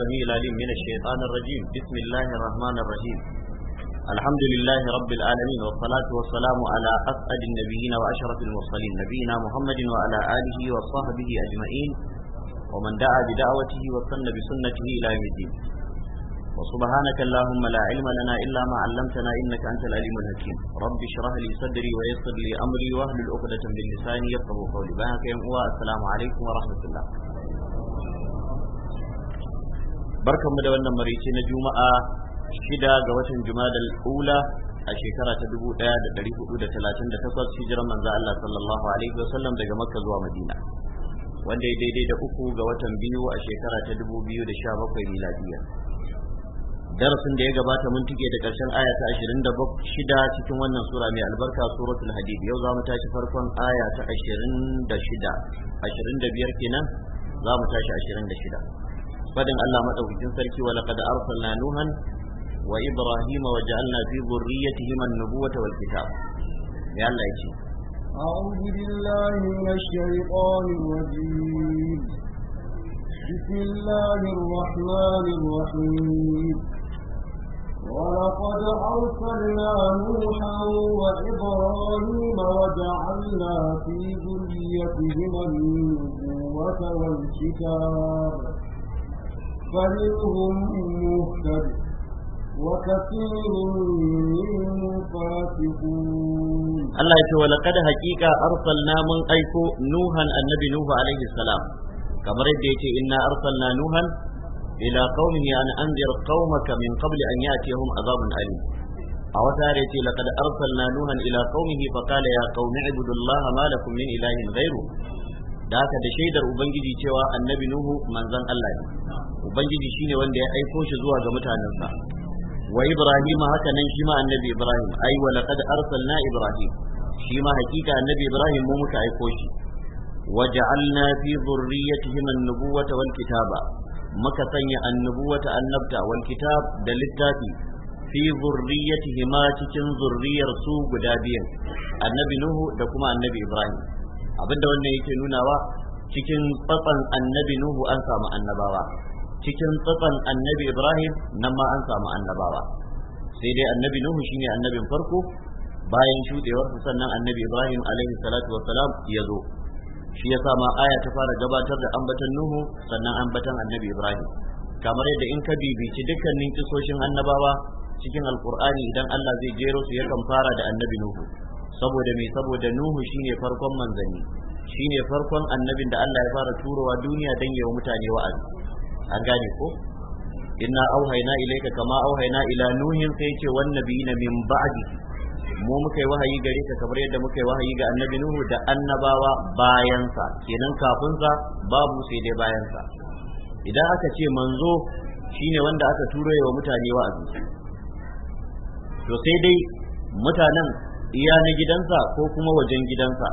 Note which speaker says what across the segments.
Speaker 1: السميع العليم من الشيطان الرجيم بسم الله الرحمن الرحيم الحمد لله رب العالمين والصلاة والسلام على أسعد النبيين وأشرف المرسلين نبينا محمد وعلى آله وصحبه أجمعين ومن دعا بدعوته وسن بسنته إلى يوم الدين وسبحانك اللهم لا علم لنا إلا ما علمتنا إنك أنت العليم الحكيم رب اشرح لي صدري ويسر لي أمري واهل العقدة من لساني يفقهوا قولي بارك السلام عليكم ورحمة الله barkanmu da wannan marice na juma'a shida ga watan jumadal ula a shekara ta dubu da da dari hudu talatin 1438 hijirar manzo Allah sallallahu alaihi wasallam daga makka zuwa madina wanda ya daidai da uku ga watan biyu a shekara ta dubu biyu da sha 2017 miladiya darasin da ya gabata mun tike da ƙarshen aya ta shida cikin wannan sura mai albarka suratul hadid yau za mu tashi farkon aya ta da biyar kenan za mu tashi ashirin da shida. fadin Allah madaukakin sarki wa laqad arsalna nuhan wa ibrahima wa ja'alna fi dhurriyyatihima an-nubuwata wal
Speaker 2: أعوذ بالله من الشيطان الرجيم بسم الله الرحمن الرحيم ولقد أرسلنا نوحا وإبراهيم وجعلنا في ذريتهما النبوة والكتاب فمنهم مهتد وكثير منهم فاسقون
Speaker 1: الله يقول ولقد حقيقة أرسلنا من أيكو نوحا النبي نوح عليه السلام كما رديت إنا أرسلنا نوحا إلى قومه أن أنذر قومك من قبل أن يأتيهم عذاب أليم أو تاريتي لقد أرسلنا نوحا إلى قومه فقال يا قوم اعبدوا الله ما لكم من إله غيره da haka da shaidar ubangiji cewa annabi nuhu manzon Allah ne ubangiji shine wanda ya aiko shi zuwa ga mutanensa wa ibrahim haka nan shi ma annabi ibrahim ai wa laqad arsalna ibrahim shi ma hakika annabi ibrahim mu muka aiko shi wa ja'alna fi dhurriyyatihim an-nubuwata wal kitaba muka sanya annubuwata annabta wal kitab da littafi fi zurriyatihima cikin zurriyar su guda biyan annabi nuhu da kuma annabi ibrahim abinda wannan yake nunawa cikin tsatsan annabi nuhu an samu annabawa cikin tsatsan annabi ibrahim nan ma an samu annabawa sai dai annabi nuhu shine annabin farko bayan shudewar sannan annabi ibrahim alaihi salatu wassalam ya zo shi ya sa ma aya ta fara gabatar da ambatan nuhu sannan ambatan annabi ibrahim kamar yadda in ka bibici dukkanin kisoshin annabawa cikin alqur'ani idan allah zai jero su yakan fara da annabi nuhu saboda me saboda nuhu shine farkon manzanni shine farkon annabin da Allah ya fara turowa duniya dan yawa mutane wa'azi an gane ko inna auhayna ilayka kama auhayna ila nuhin sai yace wan nabiyina min ba'di mu muka yi wahayi gare ka kamar yadda muka yi wahayi ga annabi nuhu da annabawa bayansa kenan kafin sa babu sai dai bayansa idan aka ce manzo shine wanda aka turo wa mutane wa'azi to sai dai mutanen iya na gidansa ko kuma wajen gidansa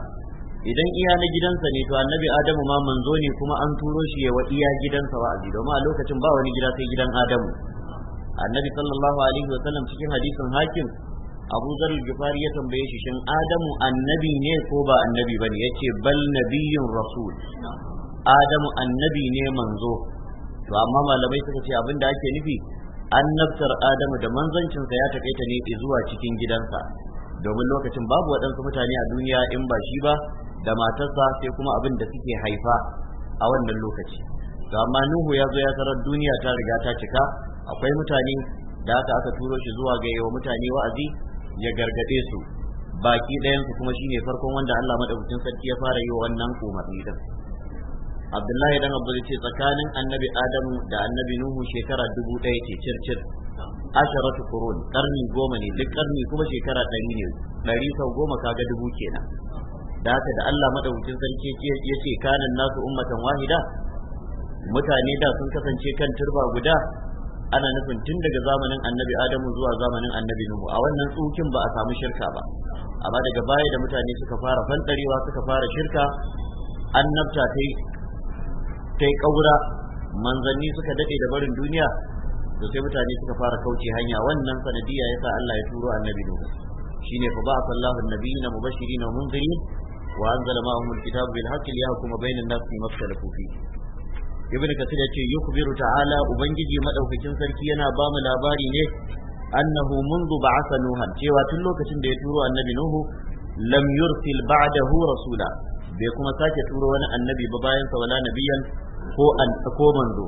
Speaker 1: idan iya na gidansa ne to annabi adamu ma manzo ne kuma an turo shi ya wa iya gidansa aji domin a lokacin ba wani gida sai gidan adamu annabi sallallahu alaihi wa sallam cikin hadisin hakim abu zarul gifari ya tambaye shi shin adamu annabi ne ko ba annabi ba ne yace bal nabiyyun rasul adamu annabi ne manzo to amma malamai suka ce abinda ake nufi annabtar adamu da manzancinsa ya takaita ne zuwa cikin gidansa domin lokacin babu waɗansu mutane a duniya in ba shi ba da matarsa sai kuma abin da suke haifa a wannan lokaci to amma nuhu ya zo ya tarar duniya ta riga ta cika akwai mutane da aka aka turo shi zuwa ga yawa mutane wa'azi ya gargade su baki ɗayan su kuma shine farkon wanda Allah madaukakin sarki ya fara yi wannan umarni din Abdullahi dan Abdul ce tsakanin Annabi Adamu da Annabi Nuhu shekara dubu ɗaya ce circir asharatu qurun karni goma ne duk karni kuma shekara ɗari ne ɗari sau goma kaga dubu kenan da haka da Allah madaukakin sarki ya ce kanan nasu ummatan wahida mutane da sun kasance kan turba guda ana nufin tun daga zamanin annabi adamu zuwa zamanin annabi nuhu a wannan tsukin ba a samu shirka ba amma daga baya da mutane suka fara fanɗarewa suka fara shirka annabta ta yi ƙaura manzanni suka daɗe da barin duniya to sai mutane suka fara kauce hanya wannan sanadiya yasa Allah ya turo annabi Nuhu shine fa ba'a sallahu na mubashirin wa munzirin wa anzala ma'ahum alkitaba bil haqqi liyahkuma bainan nas fima ikhtalafu fihi ibn kasir yace yukhbiru ta'ala ubangiji madaukakin sarki yana ba mu labari ne annahu Mundu, بعث nuhan cewa tun lokacin da ya turo annabi nuhu lam yursil ba'dahu rasula bai kuma sake turo wani annabi ba bayan sa wala nabiyan ko an ko manzo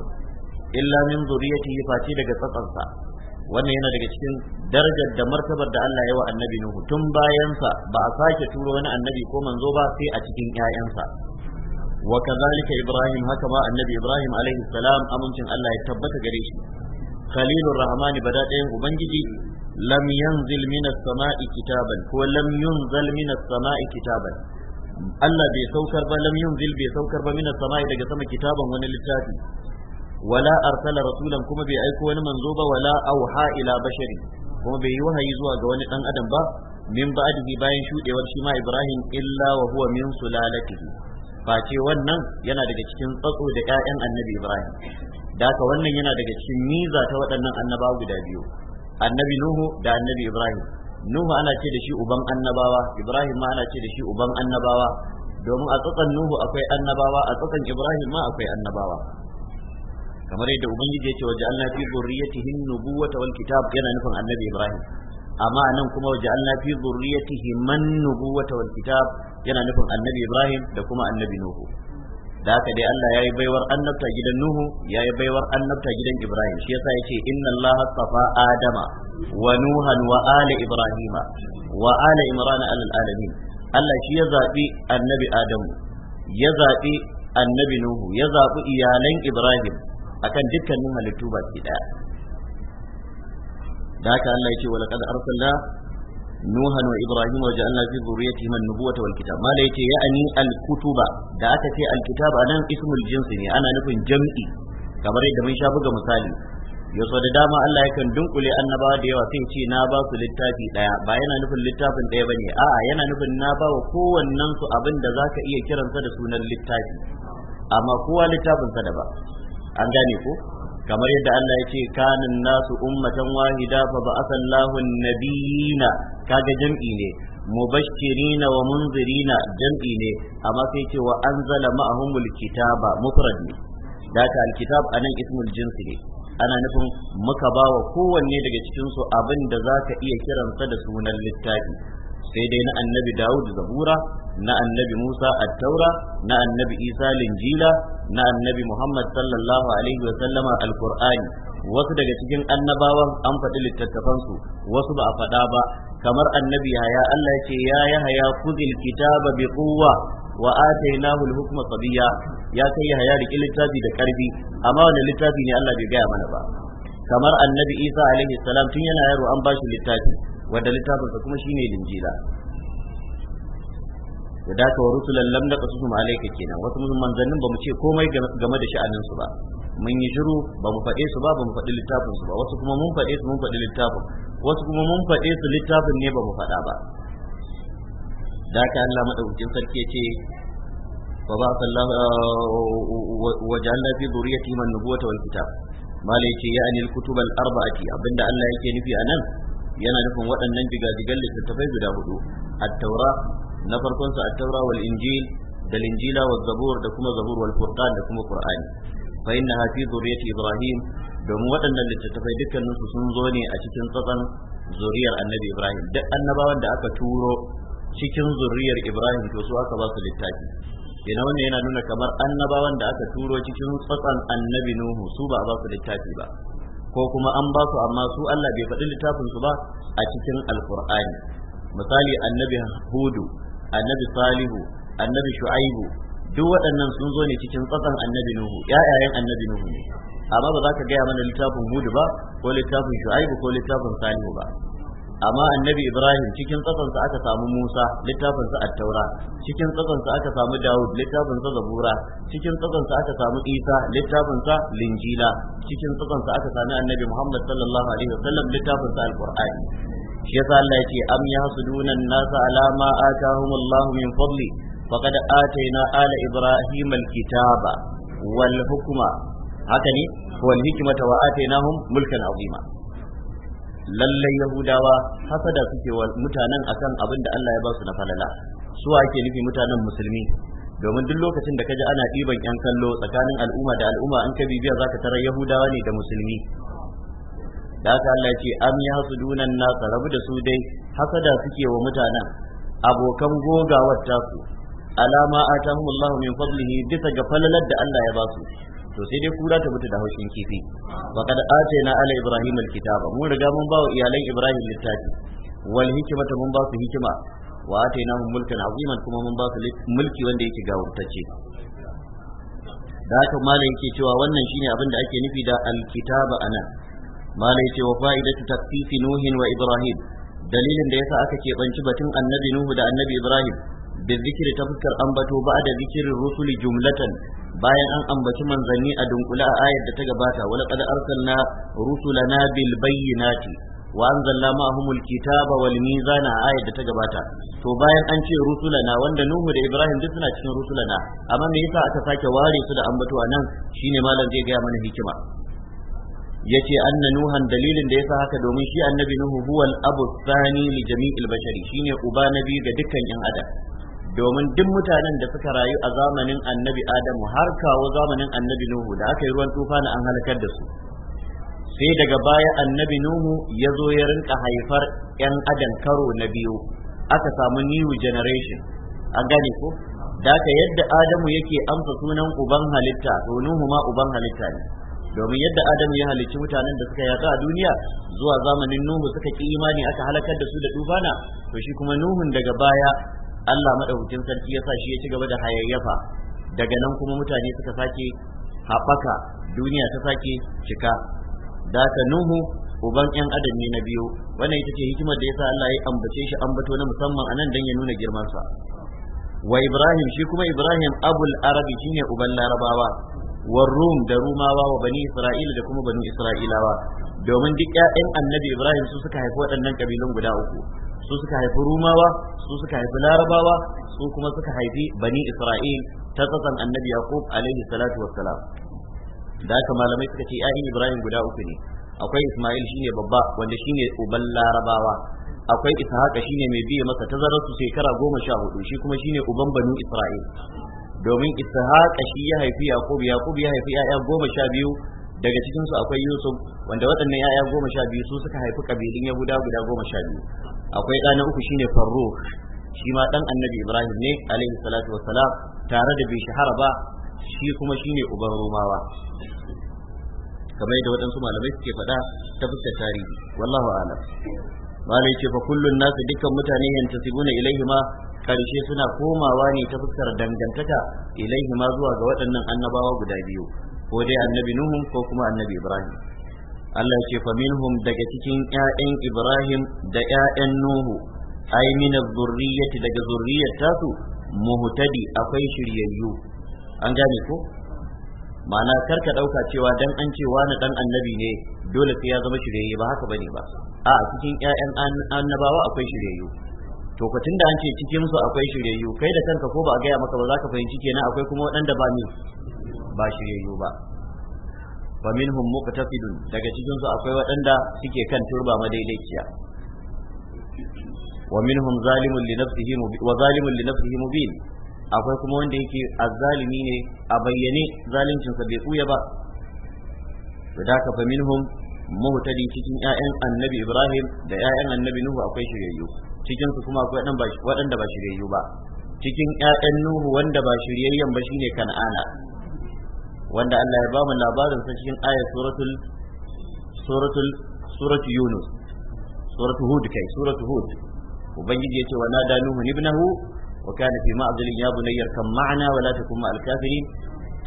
Speaker 1: illa min zuriyatihi face daga tsatsansa wannan yana daga cikin darajar da martabar da Allah ya wa annabi Nuhu tun bayansa ba a sake turo wani annabi ko manzo ba sai a cikin ƴaƴansa wa kazalika Ibrahim haka ba annabi Ibrahim alaihi salam amincin Allah ya tabbata gare shi khalilur rahman bada ɗayan ubangiji lam yanzil minas sama'i kitaban ko lam yunzal minas sama'i kitaban Allah bai saukar ba lam yunzil bai saukar ba minas sama'i daga sama kitaban wani littafi wala arsala rasulan kuma bai aiko wani manzo ba wala auha ila bashari kuma bai yi wahayi zuwa ga wani dan adam ba min ba'dihi bayan shuɗewar shi ma ibrahim illa wa huwa min sulalatihi face wannan yana daga cikin tsatso da ƴaƴan annabi ibrahim da haka wannan yana daga cikin miza ta waɗannan annaba guda biyu annabi nuhu da annabi ibrahim nuhu ana ce da shi uban annabawa ibrahim ma ana ce da shi uban annabawa domin a tsakan nuhu akwai annabawa a tsakan ibrahim ma akwai annabawa kamar yadda ubangiji ya ce waje Allah fi zurriyatihin nubuwata wal kitab yana nufin annabi Ibrahim amma anan kuma waje Allah fi zurriyatihi man nubuwata wal kitab yana nufin annabi Ibrahim da kuma annabi Nuhu da haka dai Allah yi baiwar annabta gidan Nuhu yayi baiwar annabta gidan Ibrahim shi yasa yace inna Allah safa Adama wa Nuhan wa ali Ibrahim wa ali Imran al alamin Allah shi ya zabi annabi Adamu ya zabi annabi Nuhu ya zabi iyalan Ibrahim akan dukkanin halittu baki daya da haka Allah yake wala qad arsalna nuha wa ibrahim wa ja'alna fi dhurriyyatihim an-nubuwata wal kitab mala yake ya'ani al-kutuba da aka ce al-kitab anan ismul jinsi ne ana nufin jam'i kamar yadda mun sha buga misali yaso da dama Allah yakan dunkule annabawa da yawa sai ce na ba su littafi daya ba yana nufin littafin daya bane a'a yana nufin na ba wa kowannen su abin da zaka iya kiransa da sunan littafi amma kowa littafin sa da ba an gane ko kamar yadda Allah ya ce kanin nasu ummatan wahida fa ba'atha Allahu nabiyina kaga jam'i ne mubashirina wa munzirina jam'i ne amma sai ce wa anzala ma'ahumul kitaba mufrad ne data alkitab anan ismul jinsi ne ana nufin muka ba wa kowanne daga cikin su abin da zaka iya kiransa da sunan littafi sai dai na annabi Dawud zabura na annabi Musa at-taura na annabi Isa linjila na annabi Muhammad sallallahu alaihi wa sallama al-Qur'ani wasu daga cikin annabawan an faɗi littattafansu wasu ba a faɗa ba kamar annabi haya Allah ce ya haya kuzil kitaba bi quwwa wa atainahu al-hukma sabiya ya kai Yahaya da littafi da karfi amma wannan littafi ne Allah bai gaya mana ba kamar annabi Isa alaihi salam tun yana yaro an ba shi littafi wanda littafinsa kuma shine linjila da daka wa rusulan lam naqsusum alayka kenan wasu zannin ba mu ce komai game da sha'anin su ba mun yi shiru ba mu faɗe su ba ba mu faɗi littafin su ba wasu kuma mun faɗe su mun faɗi littafin wasu kuma mun faɗe su littafin ne ba mu faɗa ba Da daka Allah madaukakin sarki ya ce ba وبعث الله وجعلنا في ذريتهم النبوة والكتاب ما ليك يعني الكتب الأربعة أبن الله يكي nufi anan, yana nufin waɗannan jigajigan littattafai guda hudu at-taura na farkon sa at-taura wal injil da linjila wa zabur da kuma zabur wal furqan da kuma qur'ani fa inna fi zuriyati ibrahim domin waɗannan littattafai dukkaninsu sun zo ne a cikin tsatsan zuriyar annabi ibrahim duk annabawan da aka turo cikin zuriyar ibrahim to su aka ba su littafi ina wannan yana nuna kamar annabawan da aka turo cikin tsatsan annabi nuhu su ba a ba su littafi ba ko kuma an ba su amma su allah bai faɗi littafin su ba a cikin alkur'ani misali annabi hudu annabi salihu annabi shu'aibu duk waɗannan sun zo ne cikin tsatsan annabi nuhu ƴaƴayen annabi nuhu ne amma ba za ka gaya mana littafin hudu ba ko littafin shu'aibu ko littafin salihu ba amma annabi ibrahim cikin tsatsansa aka samu musa littafinsa attaura cikin tsatsansa aka samu dawud littafinsa zabura cikin tsatsansa aka samu isa littafinsa linjila cikin tsatsansa aka sami annabi muhammad sallallahu alaihi wasallam littafinsa alqur'ani shi yasa Allah ya ce am yahsuduna an-nasa ala ma atahum Allah min fadli faqad atayna ala ibrahim al-kitaba wal hukma haka ne wal hikmata wa atainahum mulkan azima lallai yahudawa hasada suke wa mutanen akan abin da Allah ya ba su na falala su ake nufi mutanen musulmi domin duk lokacin da kaji ana ɗiban yan kallo tsakanin al'umma da al'umma an ka bibiya zaka tarar yahudawa ne da musulmi da haka Allah ce am ya dunan nasa rabu da su dai hasada suke wa mutanen abokan gogawar tasu alama atahum Allah min fadlihi bisa ga falalar da Allah ya basu to sai dai kura ta mutu da haushin kifi wa kad atayna ala ibrahim alkitaba mun riga mun wa iyalan ibrahim littafi wal hikmata mun ba su hikima wa atayna hum mulkan aziman kuma mun ba su mulki wanda yake gawurtacce da haka malam yake cewa wannan shine abin da ake nufi da alkitaba anan malai ce wa fa'idatu takfifi nuhin wa ibrahim dalilin da yasa aka ke banci batun annabi nuhu da annabi ibrahim da zikiri ta fuskar ambato ba da zikirin rusuli jumlatan bayan an ambaci manzanni a dunkula a ayar da ta gabata wala qad arsalna rusulana bil bayyinati wa anzalna ma'ahumul kitaba wal mizana a ayar da ta gabata to bayan an ce rusulana wanda nuhu da ibrahim duk suna cikin rusulana amma me yasa aka sake ware su da ambato anan shine malam zai gaya mana hikima yace anna nuhan dalilin da yasa haka domin shi annabi nuhu huwa al-abu thani li jami'il bashari shine uba nabi ga dukkan yan adam domin duk mutanen da suka rayu a zamanin annabi adamu har kawo zamanin annabi nuhu da aka yi ruwan tufana an halakar da su sai daga baya annabi nuhu ya zo ya rinka haifar yan adam karo na biyu aka samu new generation an gane ko da yadda adamu yake amsa sunan uban halitta to nuhu ma uban halitta ne domin yadda adamu ya halicci mutanen da suka yatsu a duniya zuwa zamanin nuhu suka ki imani aka halakar da su da tufana to shi kuma nuhun daga baya Allah madaukakin sarki ya sa shi ya ci gaba da hayayyafa daga nan kuma mutane suka sake haɓaka duniya ta sake cika da nuhu uban yan adam ne na biyu wannan ita ce hikimar da yasa Allah ya ambace shi ambato na musamman anan dan ya nuna girman sa wa Ibrahim shi kuma Ibrahim abul arabi shine uban larabawa wa rum da rumawa wa bani isra'ila da kuma banu isra'ilawa domin duk ƴaƴan annabi ibrahim su suka haifi waɗannan kabilun guda uku su suka haifi rumawa su suka haifi larabawa su kuma suka haifi bani isra'il ta tsatsan annabi yaqub alaihi salatu wassalam da haka malamai suka ce ƴaƴan ibrahim guda uku ne akwai isma'il shine babba wanda shine uban larabawa akwai ishaqa shine mai biye masa tazarar su shekara goma sha hudu shi kuma shine uban banu isra'il domin ishaqa shi ya haifi yaqub yaqub ya haifi yaya goma sha biyu daga cikin su akwai yusuf wanda waɗannan yaya goma sha biyu su suka haifi kabilin yahuda guda goma sha biyu akwai ɗa na uku shine farruh shi ma ɗan annabi ibrahim ne alaihi salatu wassalam tare da bai shahara ba shi kuma shine uban romawa kamar yadda waɗansu malamai suke faɗa ta fuskar tarihi wallahu a'lam malai ce fa kullun nasu dukkan mutane yantasibuna ilaihi ma karshe suna komawa ne ta fuskar dangantaka ilaihi ma zuwa ga waɗannan annabawa guda biyu ko dai annabi nuhu ko kuma annabi ibrahim Allah ce fa minhum daga cikin ƴaƴan ibrahim da ƴaƴan nuhu ai min zurriyyati daga zurriyyar tasu muhtadi akwai shiryayyu an gane ko ma'ana karka ɗauka cewa dan an ce wani dan annabi ne dole sai ya zama shiryayye ba haka bane ba a cikin ƴaƴan annabawa akwai shiryayyu to ko tunda an ce cikin su akwai shiryayyu kai da kanka ko ba a gaya maka ba za ka fahimci kenan akwai kuma waɗanda ba ne ba shiryayyu ba wa minhum muqtasidun daga cikin su akwai waɗanda suke kan turba madaidaiciya wa minhum zalimun li nafsihi wa zalimun li nafsihi mubin akwai kuma wanda yake azzalimi ne a bayyane zalincin sa bai tsuya ba to da ka fa minhum muhtadi cikin ƴaƴan annabi Ibrahim da ƴaƴan annabi Nuhu akwai shiryayyu cikin su kuma akwai waɗanda ba shiryayyu ba cikin ƴaƴan Nuhu wanda ba shiryayyen ba shine Kan'ana wanda Allah ya ba mu labarin sa cikin ayat suratul suratul suratul Yunus suratul Hud kai suratul Hud ubangiji yace wa nada Nuhu ibnahu wa kana fi ma'zilin ya bunayya kan ma'ana wa la takum ma'al kafirin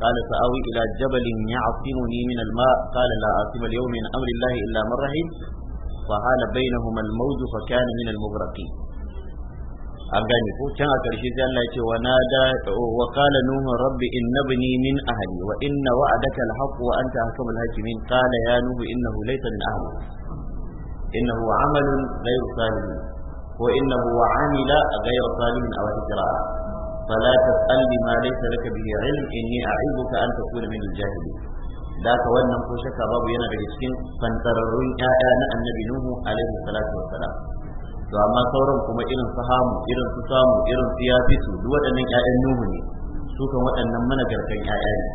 Speaker 1: قال سآوي إلى جبل يعصمني من الماء قال لا عاصم اليوم من أمر الله إلا من رحم فحال بينهما الموج فكان من المغرقين an gane ko can a ƙarshe sai Allah ya ce wa nada wa qala nuhu rabbi inna bani min ahli wa inna wa'adaka al-haqq wa anta ahkamul hakimin qala ya nuhu innahu laysa min ahli innahu amalun ghayru salih ko innahu amila ghayru salih aw tijra'a فلا تسأل بما ليس لك به علم إني أعيبك أن تكون من الجاهلين ذاك wannan ko shakka babu yana daga cikin fantararrun 'ya'ya na annabi nuhu alaihi salatu wassalam to amma sauran kuma irin su hamu irin su samu irin su duk waɗannan ƴaƴan nuhu ne su kan waɗannan managartan ƴaƴa ne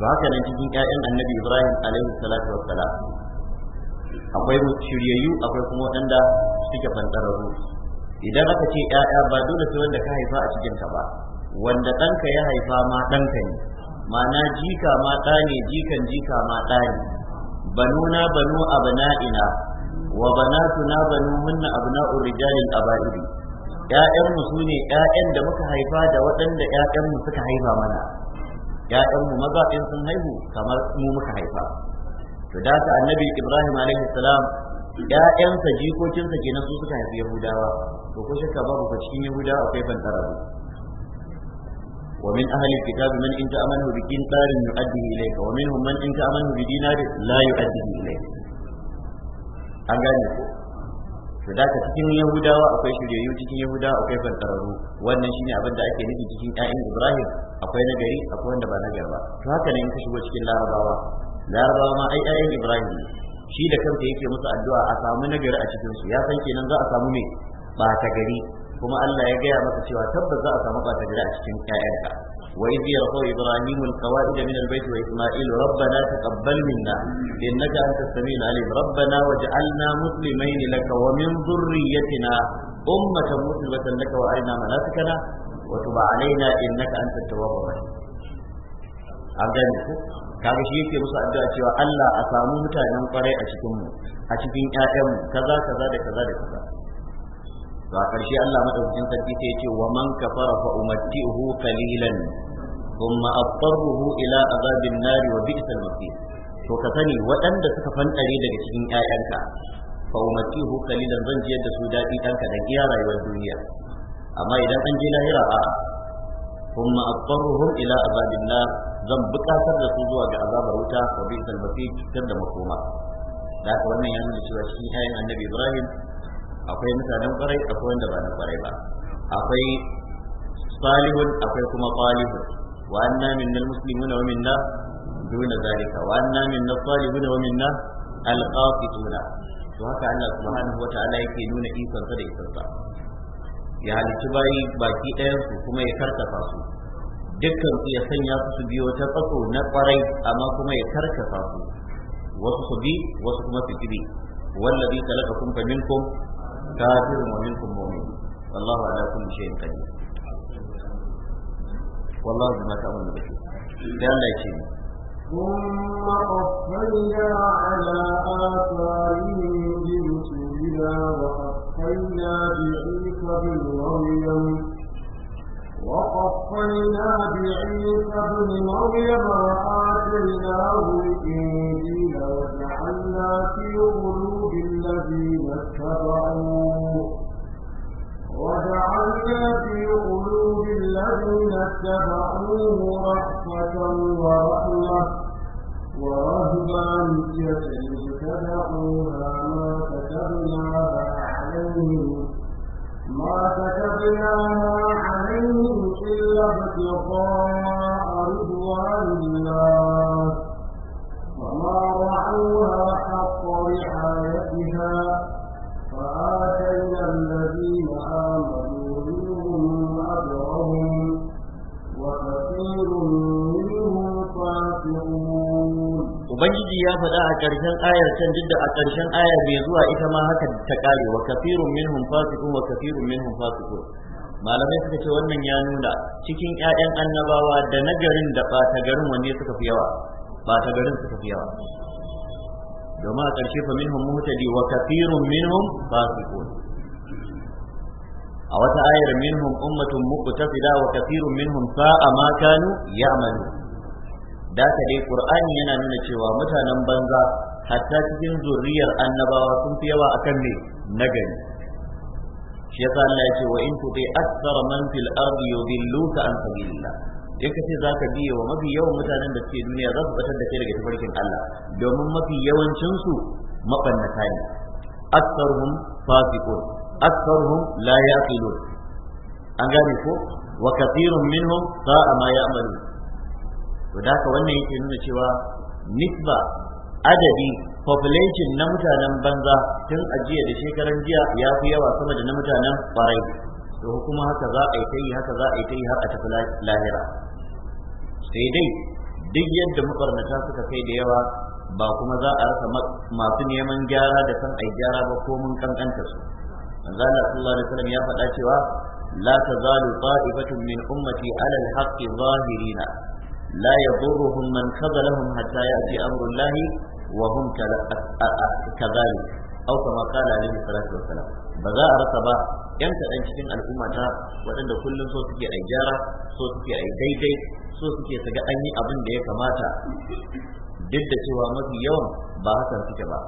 Speaker 1: to haka cikin ƴaƴan annabi ibrahim alaihi salatu akwai shiryayyu akwai kuma waɗanda suke fantararru idan aka ce 'ya'ya, ba dole sai wanda ka haifa a cikin ba wanda ɗanka ya haifa ma ɗanka ne ma'ana jika ma ɗa ne jikan jika ma ɗa ne na banu abna'ina wa na banu hunna abna'u rijalil aba'idi Ya'yanmu su ne 'ya'yan da muka haifa da waɗanda 'ya'yanmu suka haifa mana Ya'yanmu maza sun haihu kamar mu muka haifa to da annabi ibrahim alaihi salam Ya'yansa jikokinsa kenan su suka haifi yahudawa ba ko shakka babu ko cikin yahudawa akwai man in ta'amanu bi din إن تأمنه ilayka wa minhum man in ta'amanu bi dinari la يؤديه ilayka. an gane ko to da cikin yahudawa akwai shiryayyu cikin yahudawa akwai ban fantararru wannan shine abin da ake nufi cikin 'ya'yan ibrahim akwai na gari akwai wanda ba na gari ba to haka ne in ka shigo cikin larabawa larabawa ma ai ƴaƴan ibrahim ne shi da kansa yake musu addu'a a samu nagari a cikin su ya san kenan za a samu me bata gari kuma Allah ya gaya masa cewa tabbas za a samu bata gari a cikin ƴaƴanka wa idh yarfa'u ibrahimu alqawaid min albayt wa isma'ilu rabbana taqabbal minna innaka antas samiul alim rabbana waj'alna muslimaini laka wa min dhurriyyatina ummatan muslimatan laka wa arina manasikana wa tub alaina innaka antat tawwabur rahim an gane ku kaga shi yake musu addu'a cewa Allah a samu mutanen kwarai a cikin mu a cikin mu kaza kaza da kaza da kaza to a ƙarshe Allah madaukakin sarki sai ya ce wa man kafara fa umatti'uhu qalilan thumma aqtaruhu ila azabin nar wa bi'sal masir to ka sani waɗanda suka fantare daga cikin ƴaƴanka fa umatti'uhu qalilan zan jiyar da su daɗi ɗan kaɗan iya rayuwar duniya amma idan an je lahira a'a thumma adtarruhum ila azabin nar zan bukatar da su zuwa ga azabar wuta wa bi'sal masir tar da makoma da haka wannan ya nuna cewa shi ayin annabi Ibrahim akwai mutanen kwarai akwai wanda ba na kwarai ba akwai salihun akwai kuma salihun wa anna minnal muslimuna wa minna duna zalika wa anna minnal salihuna wa minna al to haka Allah subhanahu wa ta'ala yake nuna ikonsa da ikonsa ya halicci bayi baki ɗayansu kuma ya karkasa su dukkan su ya sanya su su biyo ta tsatso na kwarai amma kuma ya karkasa su wasu su bi wasu kuma su kibi wallazi khalaqakum fa minkum kafirun wa minkum mu'min wallahu ala kulli shay'in qadir wallahu bima ta'maluna basir dan idan ya ce
Speaker 2: ثم قفينا على آثارهم بمسلمين إِلَّا وَقَفَّيْنَا بِعِيسَى بن مَرْيَمَ وقفينا بعيسى بن مريم وآتيناه الإنجيل وجعلنا في قلوب الذين اتبعوه وجعلنا في قلوب الذين اتبعوه رحمة ورحمة ورهبانية ابتدعوها كتبنا عليهم ما كتبنا عليهم إلا ابتغاء رضوان الله وما رعوها حق رعايتها ubangiji ya faɗa
Speaker 1: a ƙarshen ayar can duk da a ƙarshen aya mai zuwa ita ma haka ta ƙare wa kafirun minhum fasiqun wa kafirun minhum fasiqun malamai suka ce wannan ya nuna cikin ƴaƴan annabawa da nagarin da ɓata garin wanne suka fi yawa ɓata garin suka fi yawa domin a ƙarshe fa minhum muhtadi wa kafirun minhum fasiqun a wata ayar minhum ummatun muqtasida wa kafirun minhum sa'a ma kanu ya'malu da ka dai qur'ani yana nuna cewa mutanen banza hatta cikin zurriyar annabawa sun fi yawa akan ne nagari shi yasa Allah ya ce wa in tuti akthar man fil ardi yudilluka an sabilillah in ka ce za ka biye wa mafi yawan mutanen da suke duniya za su batar da kai daga tafarkin Allah domin mafi yawancin su mabannata ne aktharuhum fasiqun aktharuhum la yaqilun an gane ko wa kathirun minhum sa'a ma ya'malun to da haka wannan yake nuna cewa nisba adadi population na mutanen banza tun a jiya da shekaran jiya ya fi yawa sama da na mutanen barai to kuma haka za a yi ta yi haka za a yi ta yi har a tafi lahira sai dai duk yadda mabarnata suka kai da yawa ba kuma za a rasa masu neman gyara da san ai gyara ba ko mun kankanta su manzo sallallahu alaihi wasallam ya faɗa cewa la tazalu ta'ifatun min ummati ala al zahirina
Speaker 3: لا يضرهم من خذلهم حتى يأتي أمر الله وهم كذلك أو كما قال عليه الصلاة والسلام بذا أرتبا
Speaker 1: yan kaɗan cikin al'ummata waɗanda kullum so suke a gyara so suke a daidai so suke su an yi abin da ya kamata duk da cewa mafi yawan ba hakan suke ba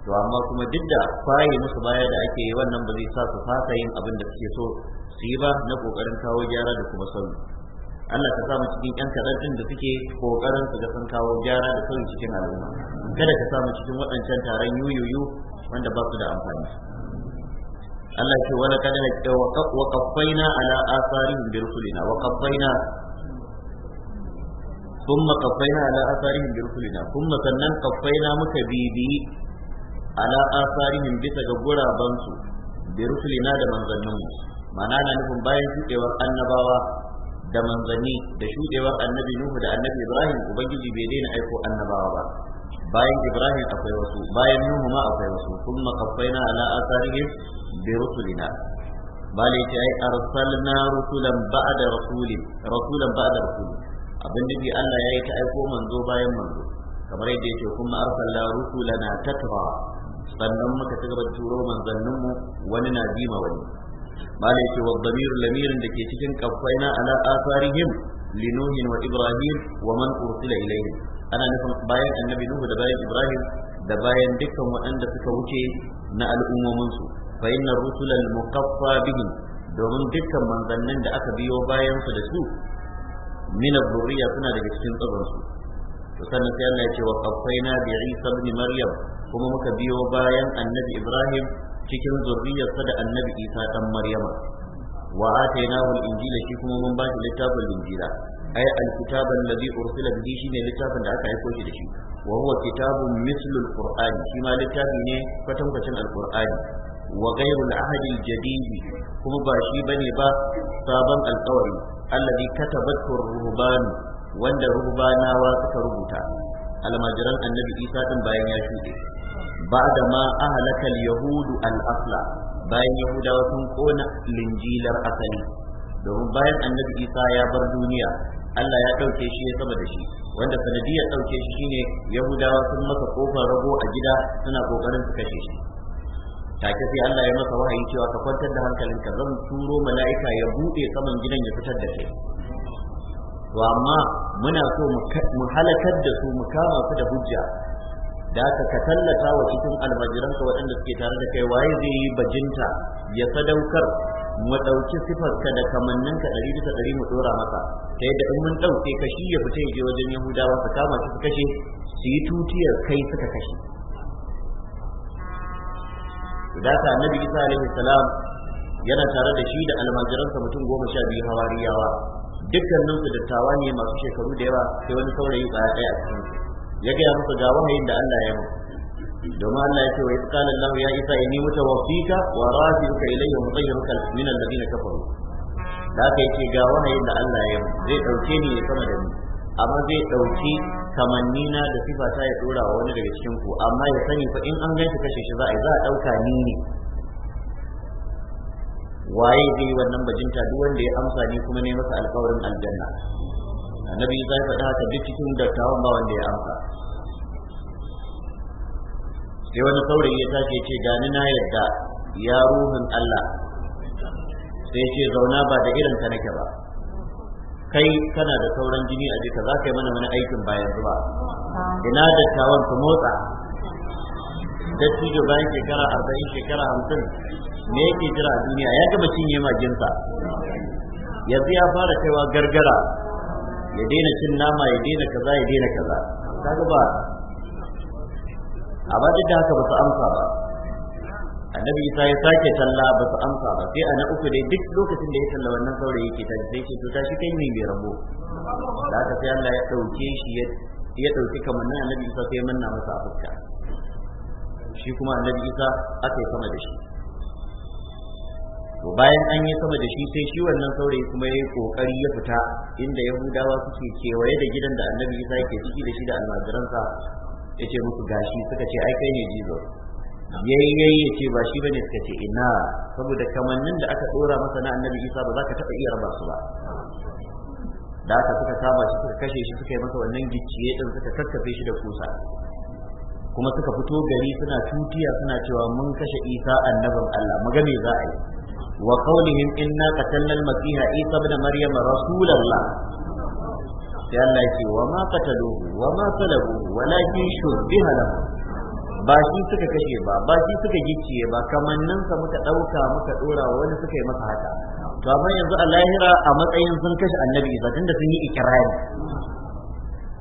Speaker 1: to amma kuma duk da kwaye musu baya da ake yi wannan ba zai sa su fasa yin abin da suke so su yi ba na ƙoƙarin kawo gyara da kuma sauri Allah ka sa mu cikin ƴan kaɗan ɗin da suke ƙoƙarin su ga sun kawo gyara da sauyi cikin al'umma kada ka sa mu cikin waɗancan taron yuyuyu wanda ba su da amfani Allah ce wala kada da wa qaffaina ala asarihim bi rusulina wa ala ثم قفينا على آثارهم برسلنا ثم سنن قفينا مكبيبي على آثارهم بيتا غورا بانسو برسلنا da manzanninmu mana na nufin bayan shuɗewar annabawa da manzanni da shudewar annabi Nuhu da annabi Ibrahim ubangiji bai daina aiko annabawa ba bayan Ibrahim akwai wasu bayan Nuhu ma akwai wasu kuma kafaina ala asarihim bi rusulina bale ce ai arsalna rusulan ba'da rasulin rasulan ba'da rasulin abin da Allah ya yi ta aiko manzo bayan manzo kamar yadda yake kuma arsalna rusulana tatwa sannan muka ci gaba da turo manzanninmu wani na bima wani malai ce wa damirul lamirin da ke cikin kafaina ala asarihim linuhin wa ibrahim wa man ursila ilaihim ana nufin bayan annabi nuhu da bayan ibrahim da bayan dukkan waɗanda suka wuce na al'ummominsu fa inna rusulal muqaffa bihim domin dukkan manzannin da aka biyo bayan su da su min zuriya suna daga cikin tsibirsu to sannan sai Allah ya ce wa qafaina bi Isa ibn Maryam kuma muka biyo bayan Annabi Ibrahim cikin zurriyarsa da annabi isa dan maryama wa atainahu al-injila shi kuma mun bashi littafin injila ay al-kitab alladhi ursila bihi ne littafin da aka aiko shi da shi wa huwa kitabun mithlu al-qur'ani shi ma littafi ne kwatankwacin al-qur'ani wa ghayrul ahadi al-jadid kuma ba shi bane ba sabon alƙawari alladhi katabatu ar wanda ruhbanawa suka rubuta almajiran annabi isa din bayan ya shuɗe ba'da ma ahlaka al-yahud al-asla bayan yahudawa sun kona linjilar asali domin bayan annabi isa ya bar duniya Allah ya ɗauke shi ya sama da shi wanda sanadiyar ɗauke shi shine yahudawa sun masa kofar rago a gida suna kokarin su kashe shi take sai Allah ya masa wahayi cewa ka kwantar da ka zan turo mala'ika ya buɗe saman gidan ya fitar da
Speaker 3: to amma muna so mu halakar da su mu kama su da hujja da ka ka tallata wa cikin almajiranka waɗanda suke tare da kai waye zai yi bajinta
Speaker 1: ya sadaukar mu ɗauki ka da kamanninka ɗari bisa ɗari mu dora masa ta yadda in mun ɗauke ka shi ya fita je wajen yahudawa su kama su kashe su yi tutiyar kai suka kashe da ka annabi isa alaihi salam yana tare da shi da almajiransa mutum goma sha biyu hawariyawa su dattawa ne masu shekaru da yawa sai wani saurayi ɗaya tsaya a su ya gaya musu ga wahayin da Allah ya yi. domin Allah ya ce wa idh qala Allah ya Isa inni mutawaffika wa rafi'uka ilayya mutayyiruka min alladhina kafaru da aka yace ga wahayin da Allah ya yi. zai dauke ni ya sama da ni amma zai dauki kamanni na da sifa ta ya dora wani daga cikin ku amma ya sani fa in an ganshi kashe shi za a za a dauka ni ne waye zai yi wannan bajinta duk wanda ya amsa ni kuma ne masa alƙawarin aljanna annabi zai faɗa haka duk cikin dattawan ba wanda ya amsa sai wani saurayi ya tashi ce gani na yadda ya ruhun Allah sai ce zauna ba da irin ka nake ba kai kana da sauran jini a jika za ka yi mana wani aikin bayan zuwa ina dattawan ku motsa dattijo bayan shekara arba'in shekara hamsin me yake jira a duniya ya gama cinye maginsa yanzu ya fara cewa gargara ya daina cin nama ya daina kaza ya daina kaza kaga ba a bada da haka ba su amsa ba annabi isa ya sake talla ba su amsa ba sai a na uku dai duk lokacin da ya talla wannan saurayi yake ta sai ce to ta shi kai ne mai rabo da haka sai Allah ya dauke shi ya dauki nan annabi isa sai ya manna masa a fuska shi kuma annabi isa aka yi sama da shi to bayan an yi sama da shi sai shi wannan saurayi kuma ya yi kokari ya fita inda yahudawa suke kewaye da gidan da annabi isa yake ciki da shi da almajiransa ya ce musu gashi suka ce ai kai ne jizo yayi yayi ya ce ba shi bane suka ce ina saboda kamannin da aka dora masa na annabi isa ba za ka taɓa iya raba su ba da aka suka kama shi suka kashe shi suka yi masa wannan gicciye din suka kakkafe shi da kusa kuma suka fito gari suna tutiya suna cewa mun kashe isa annabin allah mu me za a yi wa qawlihim inna qatalna al-masiha isa ibn maryam rasulullah sai Allah yake wa ma qataluhu wa ma salabuhu walakin shubbiha lahu ba shi suka kashe ba ba shi suka gicciye ba kamannin sa muka dauka muka dora wani suka yi masa haka to amma yanzu a lahira a matsayin sun kashe annabi isa tunda sun yi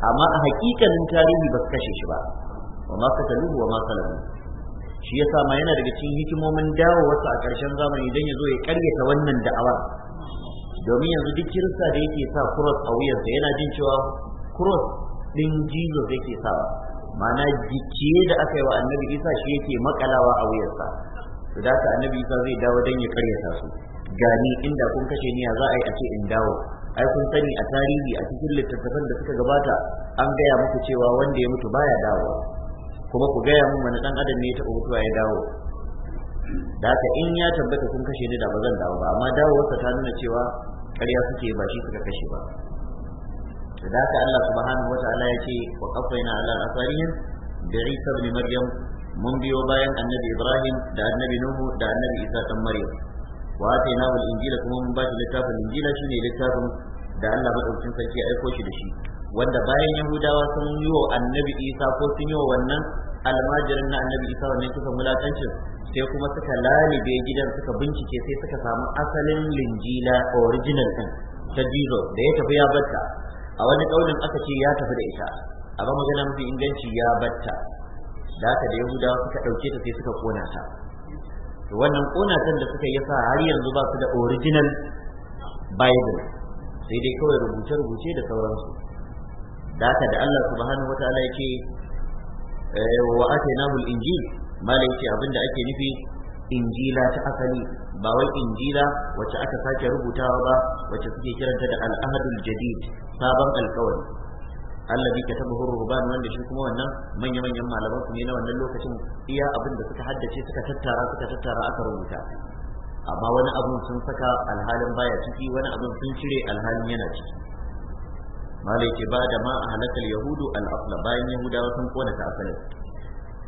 Speaker 1: amma a hakikanin tarihi ba su kashe shi ba wa ma wa ma shi yasa ma yana daga cikin hikimomin dawowarsa a ƙarshen zamani don ya zo ya ƙaryata wannan da'awar domin yanzu duk kirista da yake sa cross a wuyarsa yana jin cewa cross din jesus yake sa ma'ana gicciye da aka yi wa annabi isa shi yake makalawa a wuyarsa to da haka annabi isa zai dawo don ya ƙaryata su gani inda kun kashe niya za a yi a ce in dawo ai kun sani a tarihi a cikin littattafan da suka gabata an gaya muku cewa wanda ya mutu baya dawowa kuma ku gaya mun wani dan adam ne ya taɓa mutuwa ya dawo da haka in ya tabbata kun kashe ni da ba zan dawo ba amma dawowarsa ta nuna cewa ƙarya suke ba shi suka kashe ba da haka Allah subhanahu ta'ala ya ce wa qafaina ala asarihim da Isa ibn Maryam mun biyo bayan annabi Ibrahim da annabi Nuhu da annabi Isa dan Maryam
Speaker 3: wa atainahu al-injila kuma mun ba shi littafin injila shine littafin da Allah madaukakin
Speaker 1: sarki ya aiko shi da shi wanda bayan yahudawa sun yi wa annabi isa ko sun yi wa wannan almajirin na annabi isa wannan kisa mulakancin sai kuma suka lalibe gidan suka bincike sai suka samu asalin linjila original din ta jizo da ya tafi ya batta a wani kaulin aka ce ya tafi da ita amma magana mafi inganci ya batta da haka da yahudawa suka ɗauke ta sai suka kona ta to wannan kona da suka yi sa har yanzu ba su da original bible sai dai kawai rubuce-rubuce da sauransu da haka da Allah subhanahu wataala yake eh, wa atainahu al-injil malai ce abinda ake nufi injila ta asali ba wai injila wacce aka sake rubutawa ba wacce suke kiranta da al-ahadul jadid sabon alkawari allazi katabahu ruban wanda shi kuma wannan manya manyan malaman su ne na wannan lokacin iya abin da suka haddace suka tattara suka tattara aka rubuta amma wani abun sun saka alhalin baya ciki wani abu sun cire alhalin yana ciki malai bada ba da ma a yahudu al-afla bayan yahudawa sun kona ta asalin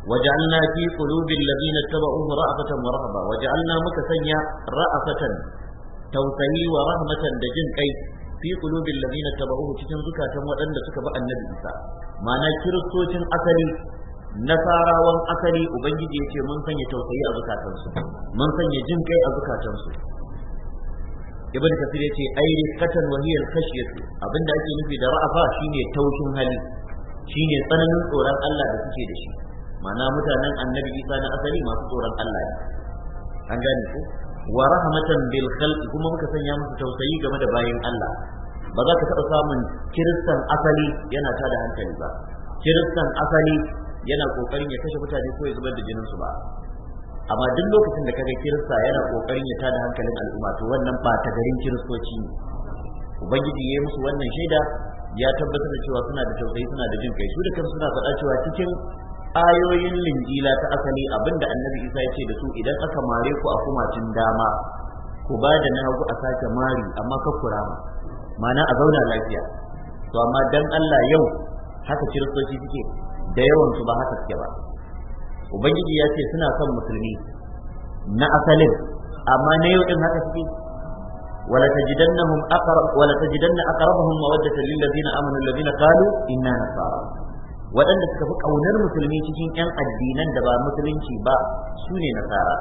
Speaker 1: وجعلنا في قلوب الذين اتبعوه رأفة ورهبة وجعلنا مكسنيا رأفة توسعي ورحمة دجن أي في قلوب الذين اتبعوه cikin zukatan waɗanda suka bi annabi Isa ma'ana kiristocin asali nasarawan asali ubangiji yace mun sanya tausayi a mun sanya jin kai a zukatansu ibn kasir yace ai riqatan wa hiya al-khashyah abinda ake nufi da ra'afa shine taushin hali shine tsananin tsoron Allah da suke da shi ma'ana mutanen annabi Isa na asali masu tsoron Allah ne an gane ko wa rahmatan bil khalq kuma muka sanya musu tausayi game da bayin Allah ba za ka taɓa samun kiristan asali yana da hankali ba kiristan asali yana kokarin ya kashe mutane ko ya zubar da jinin su ba amma duk lokacin da kaga kirista yana kokarin ya tada hankalin al'umma to wannan ba ta garin kiristoci ne ubangiji ya musu wannan shaida ya tabbatar da cewa suna da tausayi suna da jin kai su da kansu suna faɗa cewa cikin ayoyin linjila ta asali abinda annabi isa ya ce da su idan aka mare ku a kumacin dama ku ba da na a sake mari amma ka kura ma ma'ana a zauna lafiya to amma dan Allah yau haka kiristoci suke da yawan su ba haka suke ba ubangiji ya ce suna son musulmi na asalin amma na yau din haka suke wala tajidannahum aqrab wala tajidanna aqrabahum mawaddatan lil ladina amanu alladina qalu inna nasara waɗanda suka fi ƙaunar musulmi cikin 'yan addinan da ba musulunci ba su ne nasara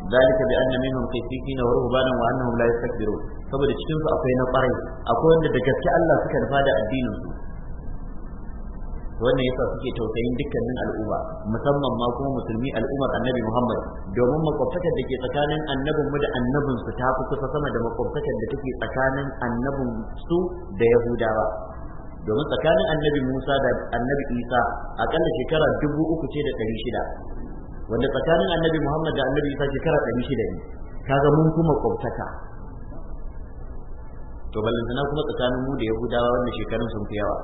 Speaker 1: ذلك بأن منهم قسيسين ورهبانا وأنهم لا يستكبرون saboda cikin su akwai na ƙwarai akwai wanda da gaske Allah suka nufa da addinin su wannan yasa suke tausayin dukkanin al'umma musamman ma kuma musulmi al'ummar annabi Muhammad domin makwabtakar da ke tsakanin annabin mu da annabin su ta fi kusa sama da makwabtakar da take tsakanin annabin su da Yahudawa domin tsakanin annabi Musa da annabi Isa akalla shekara dubu uku ce da ɗari shida wanda tsakanin annabi Muhammad da annabi Isa shekara ɗari shida ne kaga mun kuma kwabtaka to ballantana kuma tsakanin mu da Yahudawa wanda shekarun sun fi yawa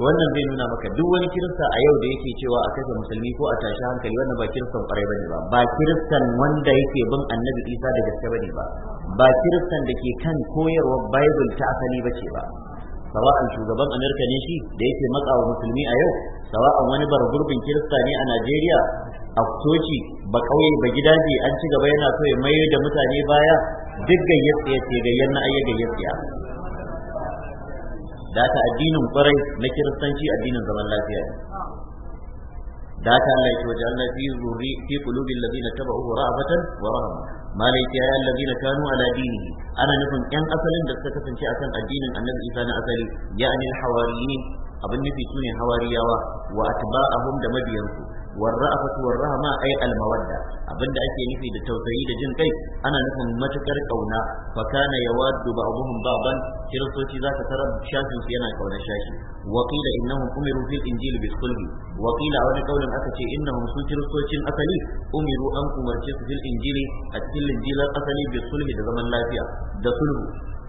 Speaker 1: to wannan zai nuna maka duk wani kirista a yau da yake cewa a kashe musulmi ko a tashi hankali wannan ba kiristan kwarai bane ba ba kiristan wanda yake bin annabi isa da gaske bane ba ba kiristan da ke kan koyarwar bible ta asali bace ba sawa'an shugaban amurka ne shi da yake matsa wa musulmi a yau sawa'an wani bargurbin kirista ne a najeriya a soci ba kauye ba ne an ci gaba yana so ya mayar da mutane baya duk gayyatsa ya ce gayyar na ayyar gayyatsa da ta addinin kwarai na kiristanci addinin zaman lafiya ne da ta Allah ya wajen Allah fi zuri fi qulubil ladina tabu'u ra'batan wa rahma ma laita ya alladina kanu ala dini. ana nufin yan asalin da suka kasance akan addinin Annabi Isa na asali ya'ni al-hawariyin
Speaker 3: abin nufi sune hawariyawa wa atba'ahum da mabiyansu warra'afatu warrahama ay almawadda abinda ake nufi da tausayi
Speaker 1: da jin kai ana nufin matukar kauna fa kana yawaddu ba'dhum ba'dan kiristoci zaka tarar shafin su yana kauna shashi wa qila innahum umiru fil injil bis kulli wa qila wani kaulin aka ce innahum su kiristocin asali umiru an umarce su fil injili a cikin injilar asali bis kulli da zaman lafiya da sulhu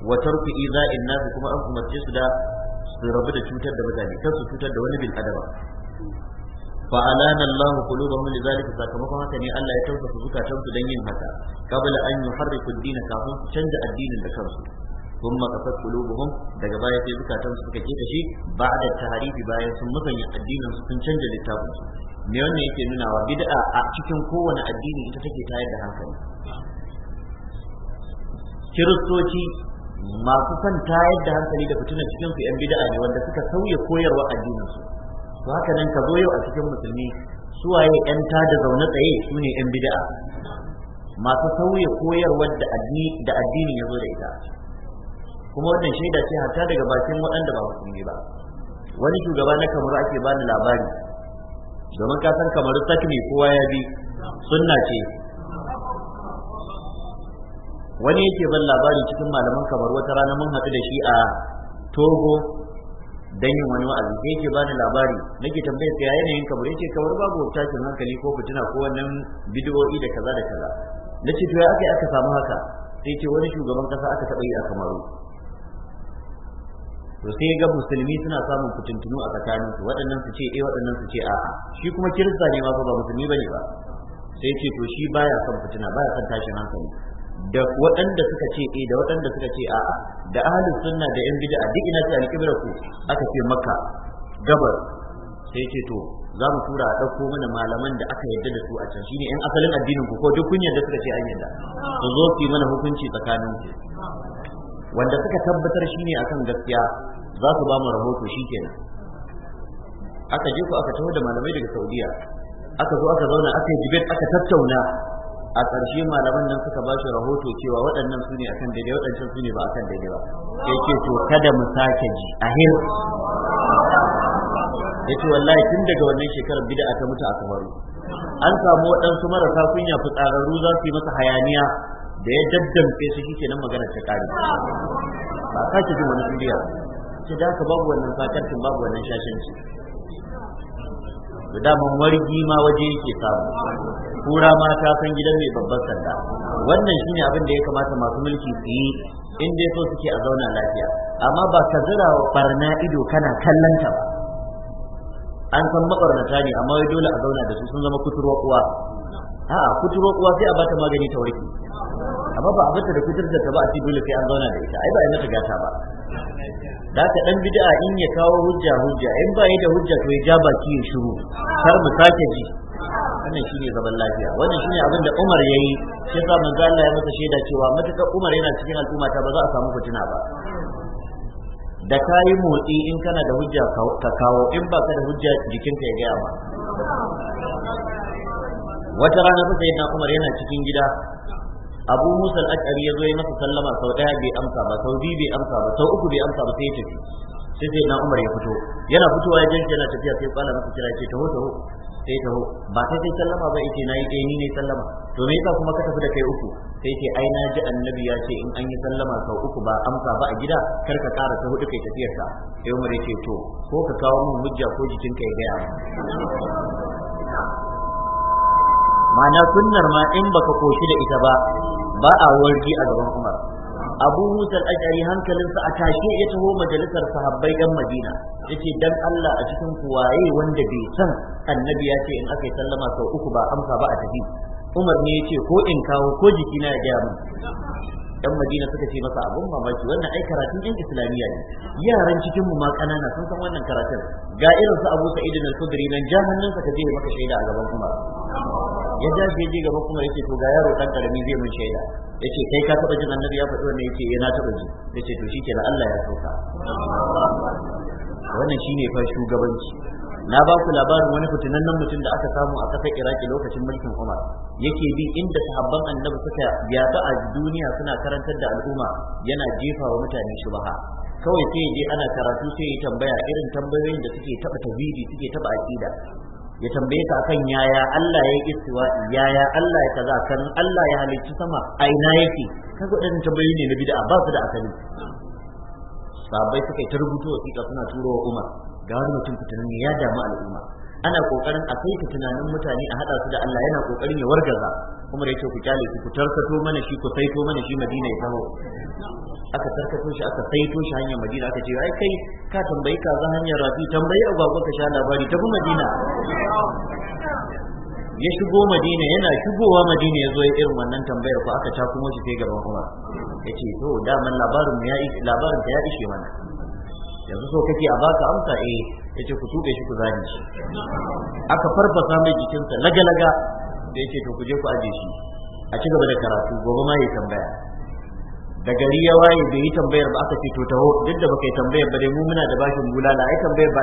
Speaker 1: wa tarku iza'in nasi kuma an umarce su rabu da cutar da su cutar da wani bil fa alana Allah qulubahum lidhalika sakamakon haka ne Allah ya tausasa zukatan su dan yin haka qabla an yuharriku ad-din kafin su canja addinin da kansu thumma qasat qulubuhum daga baya sai zukatan suka keta shi ba'da tahrifi bayan sun musanya addinin su sun canja littafin su me wannan yake nuna wa a cikin kowane addini ita take tayar da hankali kiristoci masu son tayar da hankali da fitinar cikin yan bid'a ne wanda suka sauya koyarwa addinin to haka nan ka zo yau a cikin musulmi suwaye yan tada zaune tsaye su ne yan bid'a masu sauya koyarwar da addinin ya zo da ita kuma wannan shaida ce hatta daga bakin waɗanda ba musulmi ba wani shugaba na kamaru ake bani labari domin ka san kamaru sakni kowa ya bi sunna ce
Speaker 2: wani yake ban labari cikin malaman kamaru wata rana mun haɗu da shi a togo dan yin wani wa'azi sai yake bani labari nake tambayar
Speaker 1: sa yayin kamar yake kamar babu tashin hankali ko fitina ko wannan bid'o'i da kaza da kaza nace to ya akai aka samu haka sai ce wani shugaban kasa aka taɓa yi a kamaru to sai ga musulmi suna samun fitintunu a tsakanin su waɗannan su ce eh waɗannan su ce a'a shi kuma kirista ne ma fa ba musulmi bane ba sai ce to shi baya son fitina baya son tashin hankali da waɗanda suka ce eh da waɗanda suka ce a'a da ahlus sunna da yan bid'a duk ina ce alƙibra ku aka ce maka gabar sai ce to za mu tura a ɗauko mana malaman da aka yarda da su a can shine yan asalin addinin ku ko duk kun da suka ce an yarda su zo su yi mana hukunci tsakanin ku wanda suka tabbatar shine akan gaskiya za su ba mu rahoto shikenan aka je ku aka taho da malamai daga Saudiya aka zo aka zauna aka yi debate aka tattauna a ƙarshe malaman nan suka ba shi rahoto cewa waɗannan su ne akan daidai waɗancan su ne ba akan daidai ba ya ce to kada mu sake ji a hin
Speaker 3: ya ce
Speaker 1: wallahi tun daga wannan shekarar bid'a ta mutu a kamaru an samu waɗansu marasa kunya fitsararru za su yi masa hayaniya da ya daddamfe su shi kenan magana ta ƙare ba ka ji wani duniya ce da aka babu wannan fatarkin babu wannan shashanci da daman wargi ma waje yake samu kura ma ta san gidan mai babban sanda wannan shine abin da ya kamata masu mulki su yi in dai so suke a zauna lafiya amma ba ka zira barna ido kana kallon ta ba an san mabarnata ne amma wai dole a zauna da su sun zama kuturwa uwa a'a kuturwa uwa sai a bata magani ta warki. amma ba a bata da da ta ba a ce dole sai an zauna da ita ai ba a mata gata ba
Speaker 3: da
Speaker 1: dan bid'a in ya kawo hujja hujja in ba yi da hujja to ya ja baki ya shiru kar mu sake ji wannan shine zaman lafiya wannan shine abin da Umar yayi shi yasa manzo Allah ya masa shaida cewa matakar Umar yana cikin al'umma ta ba za a samu fitina ba da ka yi motsi in kana da hujja ka kawo in ba ka da hujja ka ya gaya ba. wata rana sai na Umar yana cikin gida abu musa al ya zo ya masa sallama sau daya bai amsa ba sau biyu bai amsa ba sau uku bai amsa ba sai ya tafi sai sai na umar ya fito yana fitowa ya jinshi yana tafiya sai kwana masa kira ce taho taho sai taho ba sai sai sallama ba na nayi ɗaya, ni ne sallama to me yasa kuma ka tafi da kai uku sai ce ai na ji annabi ya ce in an yi sallama sau uku ba amsa ba a gida kar ka ƙara ta hudu kai tafiyar ka sai umar yake to ko ka kawo min hujja ko jikinka ya gaya ma'ana sunnar ma in baka koshi da ita ba ba a wargi a gaban umar abu musa al-ashari hankalinsa a tashe ya taho majalisar sahabbai dan madina yace dan Allah a cikin kuwaye wanda bai san annabi ya ce in aka yi sallama sau uku ba amsa ba a tafi umar ne yace ko in kawo ko na ya gaya min madina suka ce masa abun mamaki wannan ai karatun yan islamiyya ne yaran cikin mu ma kanana sun san wannan karatun ga irin su Abu Sa'id al-Khudri nan ja sa ka je maka shaida a gaban Umar ya ja shi ji gaba kuma yake to ga yaro dan karami zai mun shaida yace kai ka taba jin annabi ya faɗi wannan yace yana eh, taba ji yace to shike da Allah ya soka wannan shine fa shugabanci na ba ku labarin wani fitinannen mutum da aka samu a kasar iraki lokacin mulkin umar yake bi inda sahabban annabi suka yaɗu a duniya suna karantar da al'umma yana jefa wa mutane shubaha kawai sai je ana karatu sai ya tambaya irin tambayoyin da suke taba tauhidi suke taba aqida ya tambaye ka akan yaya Allah ya yi yaya Allah ya kaza kan Allah ya halicci sama a ina yake kaga wadannan tambayoyi ne na bid'a ba su da asali sabai suka yi ta rubuto wasiƙa suna turo wa Umar ga wani mutum ne ya damu al'umma ana kokarin a kai tunanin mutane a hada su da Allah yana kokarin ya wargaza kuma da yake ku kyale ku tarkato mana shi ku saito mana shi Madina ya taho aka tarkato shi aka saito shi hanyar Madina aka ce ai kai ka tambayi ka za hanyar Rabi tambayi agwagwa ka sha labari tafi Madina ya shigo Madina yana shigowa Madina ya zo ya irin wannan tambayar ko aka ta kuma shi sai gaban Umar yace to daman labarin ya labarin ta ya ishe mana yanzu so kake a baka amsa eh ya ce ku tuɓe shi ku zane shi aka farfasa mai jikinsa laga laga da ce to ku je ku aje shi a ci gaba da karatu gobe ma yi tambaya da gari ya waye bai yi tambayar ba aka ce to taho duk da baka yi tambayar ba dai mu muna da bashin bulala ai tambayar ba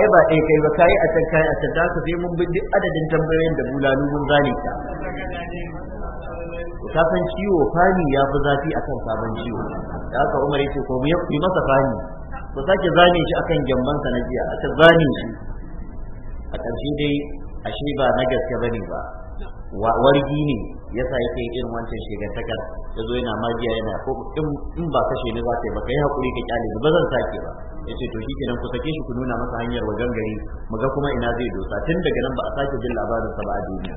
Speaker 1: ai ba ɗaya kai ba yi a can kayi a can da ka sai mun bi duk adadin tambayoyin da bulalu mun gane ka ka ciwo fani ya fi zafi kan sabon ciwo da aka umar yake ko ya yi masa fani ku sake zane shi akan gyamban sa na jiya aka zane shi a ƙarshe dai ashe ba na gaske bane ba wargi ne yasa yake irin wancan shegantakar ya zo yana magiya yana ko in ba kashe ni za ka yi ba kai hakuri ka kyale ba zan sake ba yace to shikenan ku sake shi ku nuna masa hanyar wajen gari mu ga kuma ina zai dosa tun daga nan ba a sake jin labarin sa ba a duniya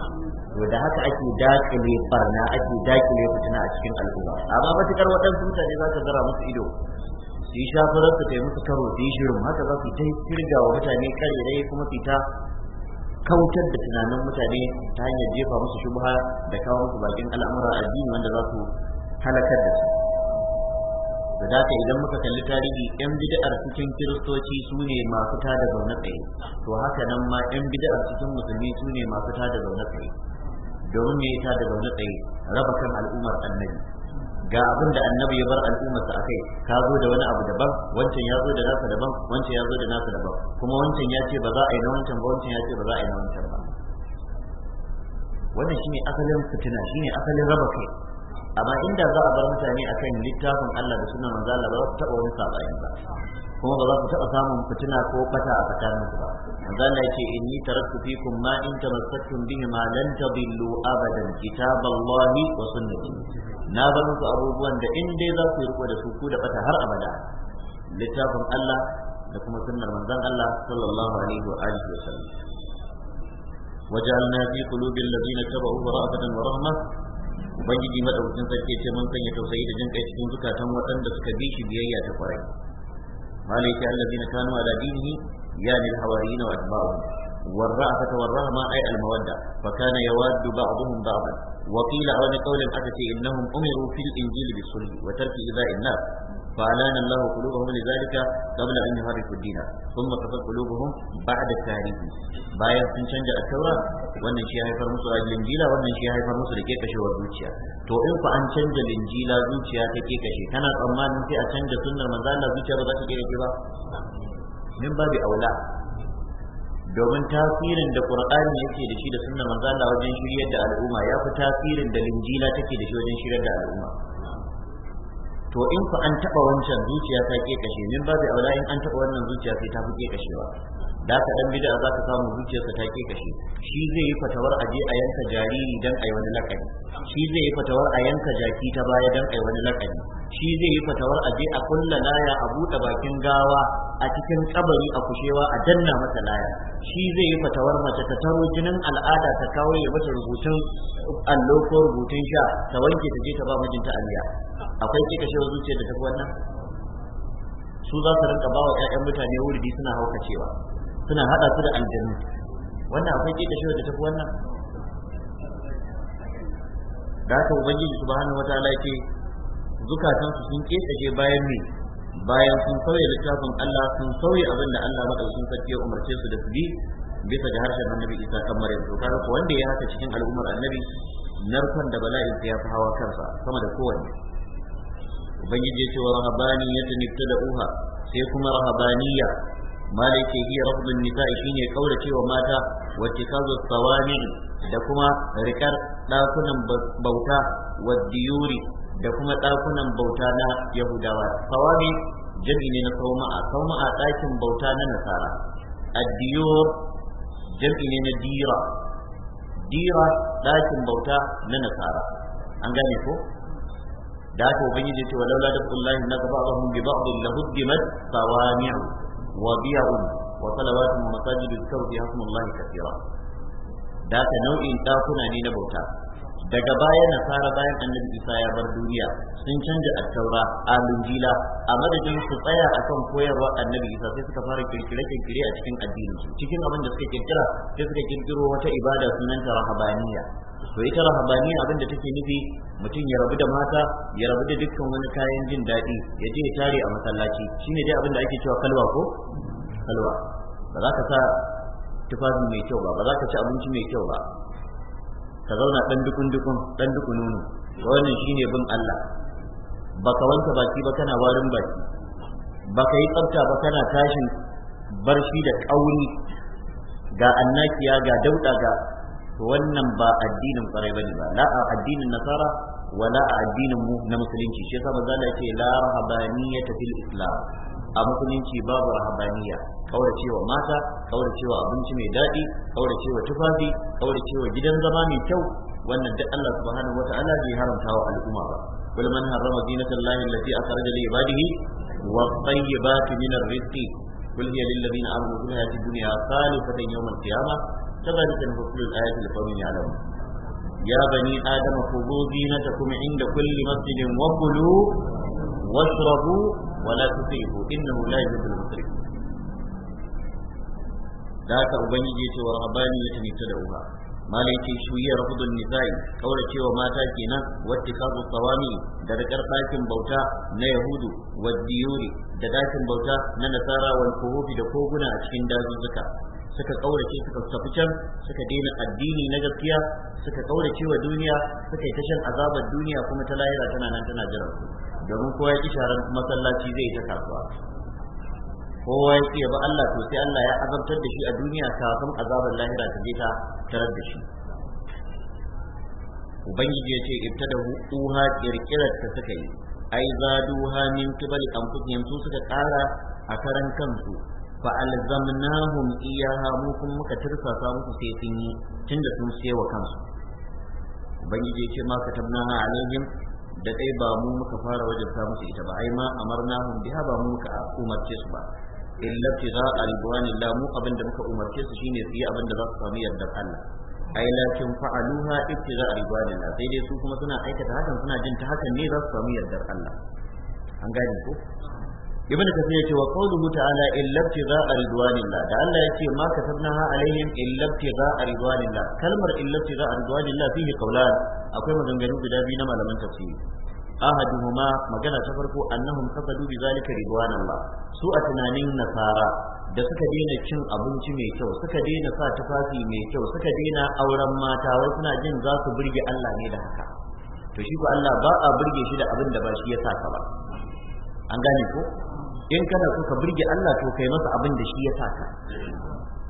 Speaker 3: to
Speaker 1: da haka ake dakile barna ake dakile fitina a cikin al'umma amma matukar waɗansu mutane za ta zara musu ido su yi shafarar su kai musu karo su shirin haka za su ta kirga wa mutane dai kuma su ta kautar da tunanin mutane ta hanyar jefa musu shubha da kawo musu bakin al'amura addini wanda za su halakar da su
Speaker 2: da haka idan muka kalli
Speaker 1: tarihi yan bid'ar cikin kiristoci su ne masu da zaune tsaye to haka nan ma yan bid'ar cikin musulmi su ne masu da zaune tsaye domin me ta da zaune tsaye raba kan al'ummar annabi ga abin da annabi ya bar al'ummar sa akai ka zo da wani abu daban wancan ya zo da nasa daban wancan ya zo da nasa daban kuma wancan ya ce ba za a yi na wancan ba wancan ya ce ba za a yi na wancan ba wannan shine asalin fitina shine asalin raba kai amma inda za a bar mutane a kan littafin Allah da suna manzo Allah ba za su taɓa wani sabani ba kuma ba za su taɓa samun fitina ko ɓata a tsakanin ku ba manzo Allah yake inni taraktu fikum ma in tamassaktum bihi ma lan tadillu abadan kitaballahi wa sunnati na bar muku abubuwan da in dai za ku yi riko da su ku da bata har abada littafin Allah da kuma sunnar manzon Allah sallallahu alaihi wa alihi wa sallam وجعلنا في قلوب الذين اتبعوه رأفة ورحمة ubangiji madaukakin sarki ce mun sanya tausayi da jin kai cikin zukatan waɗanda suka bi shi biyayya ta kwarai malaka allazina kanu ala dinihi yani alhawariyina wa atba'uhum والرأفة والرهمة أي المودة فكان يواد بعضهم بعضا وقيل عن قول أتت إنهم أمروا في الإنجيل بالصلح وترك إذاء الناس فألان الله قلوبهم لذلك قبل أن يحرفوا الدين ثم كفت قلوبهم بعد التاريخ bayan sun canja a taura wannan shi ya haifar musu a linjila wannan shi ya haifar musu da kekashewar zuciya to in fa an canja linjila zuciya ta kekashe kana tsammanin sai a canja sunnar manzo Allah za ta aula domin tasirin da qur'ani yake da shi da sunnar manzo Allah wajen shiryar da al'umma ya fi tasirin da linjila take da shi wajen shiryar da al'umma to in fa an taba wancan zuciya ta ke kashe min babu aula in an taba wannan zuciya sai ta fi ke kashewa da ka dan bid'a za ka samu zuciyarsa ta ke kashe shi zai yi fatawar aje a yanka jariri dan ai wani lakabi shi zai yi fatawar a yanka jaki ta baya dan ai wani lakabi shi zai yi fatawar aje a kulla laya a buɗe bakin gawa a cikin kabari a kushewa a danna mata laya shi zai yi fatawar mace ta taro jinin al'ada ta kawo ya mata rubutun allo ko rubutun sha ta wanke ta je ta ba mijinta aliya akwai kika shewa zuciyar da ta wannan su za su rinka ba wa 'ya'yan mutane wuri suna haukacewa suna hada su da aljanu wannan akwai kika shi da tafi wannan da haka ubangiji subhanahu wataala yake zukatan su sun kekaje bayan ne, bayan sun sauya littafin Allah sun sauya abin da Allah madaukakin sun ya umarce su da su bi bisa ga harshen annabi Isa kan Maryam to kaga ko wanda ya haka cikin al'ummar annabi narkon da bala'i ya fi hawa kansa sama da kowanne ubangiji ya ce wa rahabani rahabaniyatan Uha, sai kuma rahabaniya malai ce hiya rafdun nisa'i shine kaurace wa mata wa tikazu sawami da kuma rikar dakunan bauta wa diyuri da kuma dakunan bauta na yahudawa sawami jami ne na sauma'a sauma'a dakin bauta na nasara addiyur jami ne na dira dira dakin bauta na nasara an gane ko da haka ubangiji ce walaula da kullahi na gaba ba hum bi ba'd lahuddimat sawami'u وبيع وصلوات ومساجد يذكر فيها اسم الله كثيرا ذاك نوع داكنا ne na bauta daga baya nasara bayan annabi isa ya bar duniya sun canja taura, a lunjila a madadin su tsaya akan koyarwa annabi isa sai suka fara kirkire kirkire a cikin addinin cikin abin da suka kirkira sai suka kirkiro wata ibada sunanta rahabaniya to ita rahabaniya abin da take nufi mutum ya rabu da mata ya rabu da dukkan wani kayan jin daɗi ya je ya tare a masallaci shine dai abin da ake cewa kalwa ko kalwa ba za ka sa tufafi mai kyau ba ba za ka ci abinci mai kyau ba ka zauna dan dukun dukun dan dukununu wannan shine bin Allah baka wanke baki ba kana warin baki baka yi tsafta ba kana tashin barshi da kauri ga annakiya ga dauda ga
Speaker 3: to wannan ba addinin kwarai bane ba la a addinin nasara wala a addinin mu na musulunci shi yasa manzo Allah ce
Speaker 1: la rahabaniyata fil islam a musulunci babu rahabaniya cewa mata cewa abinci mai daɗi cewa tufafi cewa gidan zama mai kyau wannan duk Allah subhanahu ta'ala, bai haramta wa al'umma ba kul man harrama zinata allahi allati akhraja li ibadihi wa tayyibati min ar-rizqi kul hiya lil ladina amanu fil hayati dunya salifatan yawm al-qiyamah كذلك نفصل الآيات لقوم يعلمون يا بني آدم خذوا زينتكم عند كل مسجد وكلوا واشربوا ولا تسرفوا إنه لا يحب المسرفين ذاك أبنجي ورهبانية ابتدعوها malai ce shuyar hudun nisa'i kaura cewa mata kenan wacce kazu tsawami da rikar ɗakin bauta na yahudu wa diyuri da ɗakin bauta na nasara wal kuhufi da koguna a cikin dazuzzuka suka kaurace suka tafi can suka daina addini na gaskiya suka kaurace wa duniya suka yi tashin azabar duniya kuma ta lahira tana nan tana jira domin kowa ya ki sharan masallaci zai ta kasuwa kowa ya ki ba Allah to sai Allah ya azabtar da shi a duniya kafin azabar lahira ta je ta tarar da shi ubangiji ya ce ibtadahu uha kirkirar ta suka yi ai zaduha min kibali anfusihim su suka kara a karan kansu fa alzamnahum iyaha mu kuma muka tirsasa musu sai sun yi tunda sun sewa kansu ubangiji ce ma ka tabnaha alaihim da kai ba mu muka fara wajabta musu ita ba ai ma amarnahum biha ba mu muka umarce su ba illa tiza ridwanillah mu abin da muka umarce su shine su yi abin da za su sami yardar Allah ai a fa'aluha sai dai kuma suna aikata hakan suna jin ta hakan ne za su sami yardar Allah an gane ibn kasir ya ce wa qawluhu ta'ala illa ibtigha'a ridwanillah da Allah ya ce ma katabnaha alaihim illa ibtigha'a ridwanillah kalmar illa ibtigha'a ridwanillah fihi qawlan akwai maganganu guda biyu na malaman tafsiri ahaduhuma magana ta farko annahum qasadu bi zalika ridwanallah su a tunanin nasara da suka daina cin abinci mai kyau suka daina sa tufafi mai kyau suka daina auren mata wai suna jin za su burge Allah ne da haka to shi ko Allah ba a burge shi da abin da ba shi ya saka ba an gane ko in kana so ka burge Allah to kai masa abin da shi ya saka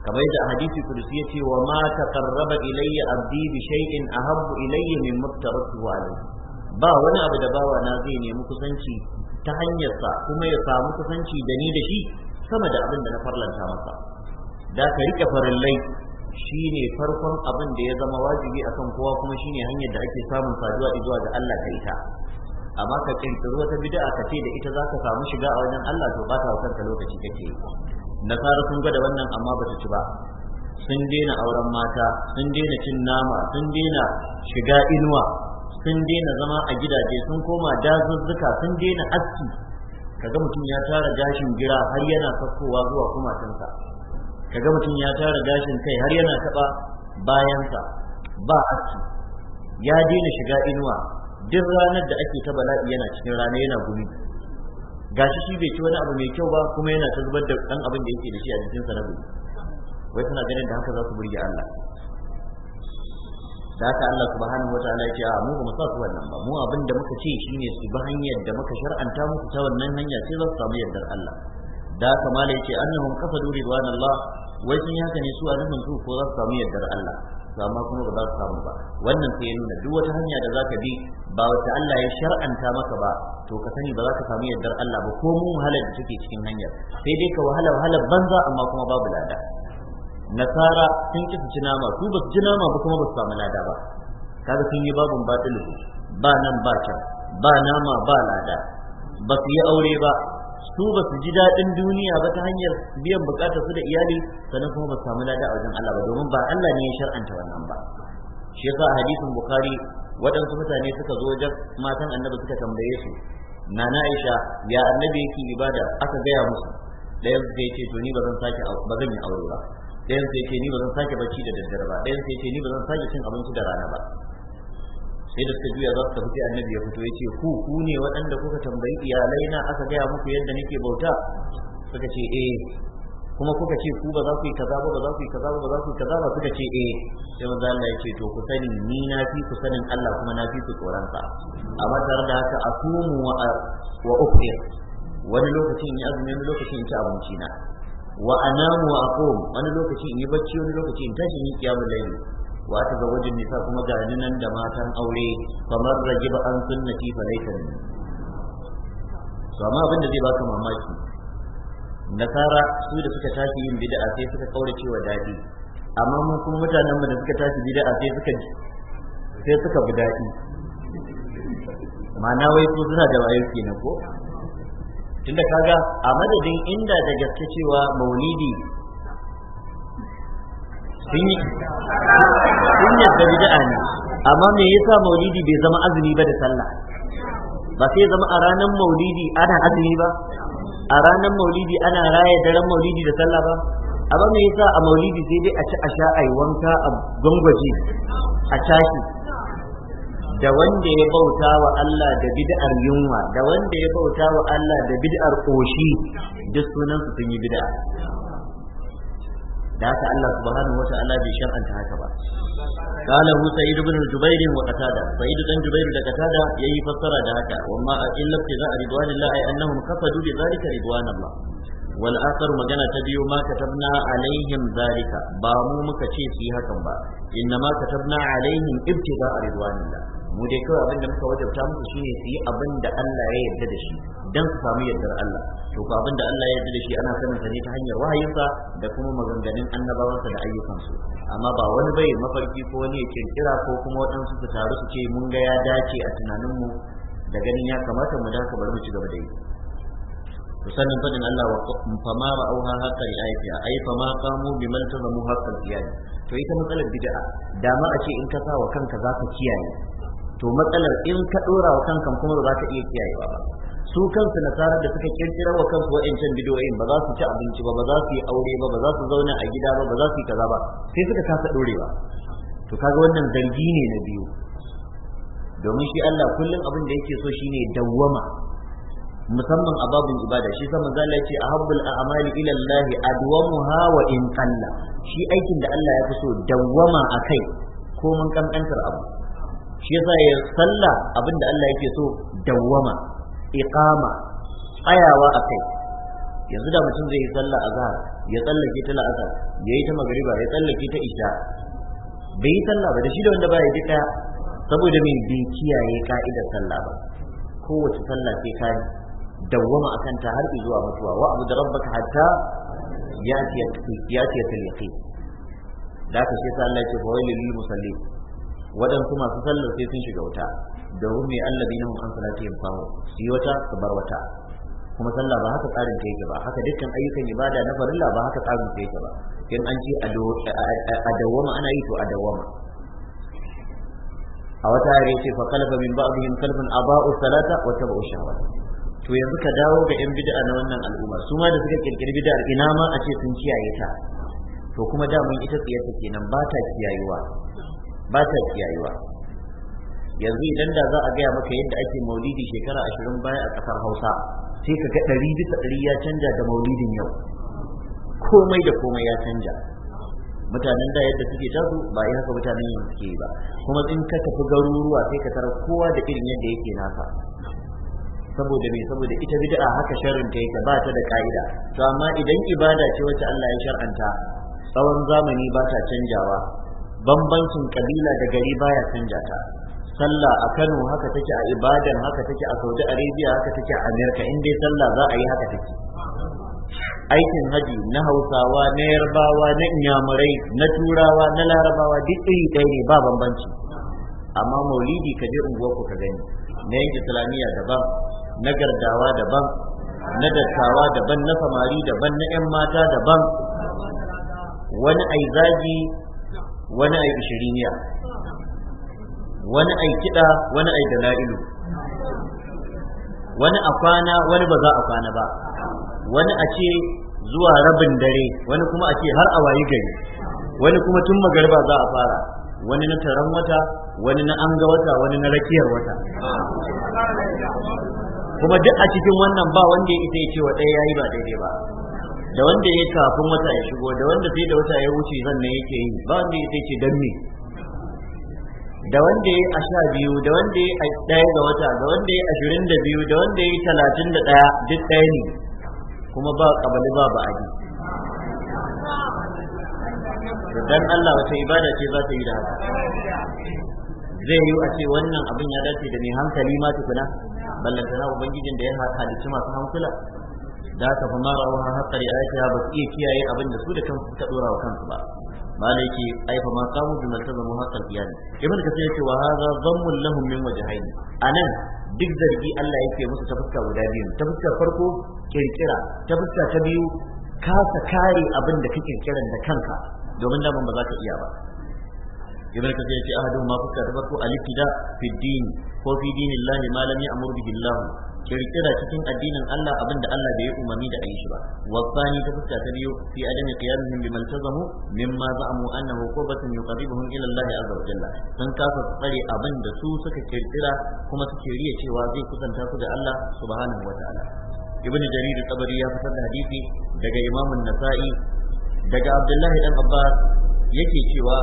Speaker 1: kamar yadda hadisi kudusi ya ce wa ma taqarraba ilayya abdi bi shay'in ahabbu ilayya mimma aftaratuhu alayhi ba wani abu da bawa na zai nemi kusanci ta hanyarsa kuma ya samu kusanci da ni da shi sama da abin da na farlanta masa da ka rike farillai shine farkon abin da ya zama wajibi akan kowa kuma shine hanyar da ake samun saduwa zuwa ga Allah ta ita amma ka ta wata bid'a ka ce da ita zaka samu shiga a wajen Allah to ba ta kanka lokaci kake nasara sun da wannan amma ba su ci ba sun daina auren mata sun daina cin nama sun daina shiga inuwa sun daina zama a gidaje sun koma dazuzzuka sun daina aski kaga mutum ya tara gashin gira har yana sakkowa zuwa kumatinsa kaga mutum ya tara gashin kai har yana taba bayansa ba aski ya daina shiga inuwa duk ranar da ake ta bala'i yana cikin rana yana gumi gashi shi bai ci wani abu mai kyau ba kuma yana ta zubar da dan abin da yake da shi a sa na gumi wai suna ganin da haka za su burge Allah da haka Allah subhanahu wataala ya ce a mu ba mu su wannan ba mu abin da muka ce shine su bi hanyar da muka shar'anta muku ta wannan hanya sai za su samu yardar Allah da haka malai ce annahum qasadu ridwanallah wai sun haka ne su a nufin su ko za su samu yardar Allah to amma kuma ba za ka samu ba wannan sai nuna duk wata hanya da za ka bi ba wata Allah ya shar'anta maka ba to ka sani ba za ka samu yardar Allah ba ko mu wahalar da take cikin hanyar sai dai ka wahala wahala banza amma kuma babu lada nasara sun ki su ci nama su ba su ci nama ba kuma ba su samu lada ba kaga sun yi babun batilu ba nan ba can ba nama ba lada ba su yi aure ba su ba su ji daɗin duniya ba ta hanyar biyan bukatar su da iyali sannan kuma ba su samu lada a wajen Allah ba domin ba Allah ne ya shar'anta wannan ba shi yasa a hadisin bukhari waɗansu mutane suka zo wajen matan annabi suka tambaye su na aisha ya annabi yake ibada aka gaya musu ɗayan sai ce to ni ba zan sake ba zan yi aure ba ɗayan sai ce ni ba sake bacci da daddare ba ɗayan sai ce ni ba zan sake cin abinci da rana ba sai da suka juya za su tafi sai annabi ya fito ya ce ku ku ne waɗanda kuka tambayi iyalai na aka gaya muku yadda nake bauta suka ce eh kuma kuka ce ku ba za ku yi kaza ba ba za ku yi kaza ba ba za ku yi kaza ba suka ce eh sai manzo Allah ya ce to ku sani ni na fi ku sanin Allah kuma na fi ku tsoron sa amma tare da haka asumu wa wa ufir wani lokacin in yi azumi wani lokacin in ci abinci na wa anamu wa aqum wani lokacin in yi bacci wani lokacin in tashi ni kiyamul layl wa ta zawajin nisa kuma gani nan da matan aure kamar ragiba an sunnati fa laita ne to amma abin da zai baka mamaki nasara su da suka tashi yin bid'a sai suka kaura cewa dadi amma mun kuma mutanen mu da suka tashi bid'a sai suka sai suka bi dadi ma'ana wai su suna da wayo kenan ko tunda kaga a madadin inda da gaske cewa maulidi sun yi
Speaker 3: sun yadda bid'a ne
Speaker 1: amma me yasa maulidi bai zama azumi ba da sallah ba sai zama a ranar maulidi ana azumi ba a ranar maulidi ana raya daren maulidi da sallah ba amma me yasa a maulidi sai dai a ci a sha a wanka a gwangwaje a tashi da wanda ya bauta wa Allah da bid'ar yunwa da wanda ya bauta wa Allah da bid'ar koshi duk sunan su sun yi bid'a da haka Allah subhanahu wa ta'ala bai shar'anta haka ba qala hu sa'id ibn jubair wa qatada sa'id dan jubair da qatada yayi fassara da haka wamma illa tiza ridwanillah ay annahum kafadu bi zalika ridwanallah wal akhar magana ta biyu ma katabna alaihim zalika ba mu muka ce su yi hakan ba inna ma katabna alaihim ibtiza ridwanillah mu dai kawai abinda muka wajabta musu shine su yi abinda Allah ya yarda da shi dan su samu yardar Allah to ko abinda Allah ya yarda da shi ana sanin sa ne ta hanyar wahayinsa da kuma maganganun annabawansa da ayyukansu amma ba wani bai mafarki ko wani ya kirkira ko kuma waɗansu su taru su ce mun ga ya dace a tunaninmu da ganin ya kamata mu dace bari mu ci gaba da yi sannan fadin Allah wa fama ra'auha haqqa ri'ayatiha ay fama qamu ta tazamu haqqa kiyaye. to ita matsalar bid'a da a ce in ka sa wa kanka zaka kiyaye to matsalar in ka dora wa kanka kuma ba za ka iya kiyayewa ba su kansu sarar da suka kirkira wa kansu wa'ancan bidoyin ba za su ci abinci ba ba za su yi aure ba ba za su zauna a gida ba ba za su yi kaza ba sai suka kasa dorewa to kaga wannan zargi ne na biyu domin shi Allah kullum abin da yake so shine dawwama musamman a babin ibada shi sama zalla ce a habbul a'mali ila Allah adwamuha wa in qalla shi aikin da Allah ya fi so dawwama akai ko mun kankantar abu shi yasa ya sallah abin da Allah yake so dawwama iqama tsayawa a kai yanzu da mutum zai yi sallah azhar ya tsallake ta la'asar ya yi ta magariba ya tsallake ta isha bai yi sallah ba da shi da wanda baya duka saboda mai bai kiyaye ka'idar sallah ba kowace sallah sai ka dawwama akan ta har zuwa mutuwa wa abu da rabbaka hatta ya ce ya ce ya ce da ka shi sallah ce fa wailil musallin waɗansu masu sallar sai sun shiga wuta domin mai allabi na an salatihim ya su yi wata su bar wata kuma sallah ba haka tsarin ta yake ba haka dukkan ayyukan ibada na farilla ba haka tsarin ta yake ba in an ce a dawwama ana yi to a dawwama a wata yare ce fa kalafa min ba'dihim kalbun aba'u salata wa tabu shahwa to yanzu ka dawo ga yan bid'a na wannan al'umma su ma da suka kirkiri bid'ar ina ma a ce sun kiyaye ta to kuma da mun ita take kenan ba ta kiyayewa ba ta kiyayewa yanzu idan da za a gaya maka yadda ake maulidi shekara ashirin baya a kasar hausa sai ka ga ɗari bisa ɗari ya canja da maulidin yau komai da komai ya canja mutanen da yadda suke tasu ba yi haka mutanen yanzu suke ba kuma in ka tafi garuruwa sai ka tara kowa da irin yadda yake nasa saboda me saboda ita bid'a haka sharrin ta yake ba ta da ka'ida to amma idan ibada ce wacce Allah ya shar'anta tsawon zamani ba ta canjawa bambancin kabila da gari baya canja ta sallah a Kano haka take a Ibadan haka take a Saudi Arabia haka take a amerika in dai sallah za a yi haka take aikin haji na Hausawa na Yarbawa na Inyamurai na Turawa na Larabawa duk iri ɗaya ne ba bambanci amma maulidi ka je unguwar ku ka gani na yin islamiyya daban na gardawa daban na dattawa daban na samari daban na 'yan mata daban wani aizaji. wani ai ishiriniya
Speaker 3: wani ai kiɗa wani ai dala'ilu wani a kwana wani ba za
Speaker 1: a kwana ba wani a ce zuwa rabin dare wani kuma a ce har a wayi gari wani kuma tun magariba za a fara wani na taron wata wani na anga wata wani na rakiyar wata kuma duk a cikin wannan ba wanda ya ita ya ce wa ɗaya yayi ba daidai ba da wanda ya kafin wata ya shigo da wanda sai da wata ya wuce zan ne yake yi ba wanda ya sai ce dan me da wanda ya a sha biyu da wanda ya a ɗaya ga wata da wanda ya ashirin da biyu da wanda ya talatin da ɗaya duk ɗaya ne kuma ba ƙabali ba ba aji
Speaker 3: dan Allah wata ibada ce za ta yi da haka zai yi a
Speaker 1: ce wannan abin ya dace da mai hankali ma tukuna ballantana ubangijin da ya halicci masu hankula da ka fa ma ra'uha haqqa ri'ayatiha ba su iya kiyaye abin da su da kansu suka dora wa kansu ba malaki ai fa ma qamu bi maltazamu haqqal qiyam ibn kasir yace wa hadha dhammun lahum min A anan duk zargi Allah yake musu ta fuska guda biyu ta fuskar farko kirkira ta fuska ta biyu kasa kare abin da kake kiran da kanka domin daman ba za ka iya ba ibn kasir ya ce ahadu ma fuska ta farko alittida fi din ko fi dinillahi ma lam ya'mur bihi Allah kirkira cikin addinin Allah abinda Allah bai yi umarni da ayi shi ba wasani ta fuska ta biyu fi adami qiyamihim biman tazamu mimma za'amu annahu qurbatun yuqarribuhum ila Allah azza wa jalla sun kasa tsare abinda su suka kirkira kuma suke riya cewa zai kusanta su da Allah subhanahu wa ta'ala ibn jarir tabari ya fitar da hadisi daga imamun nasa'i daga abdullahi dan abbas yake cewa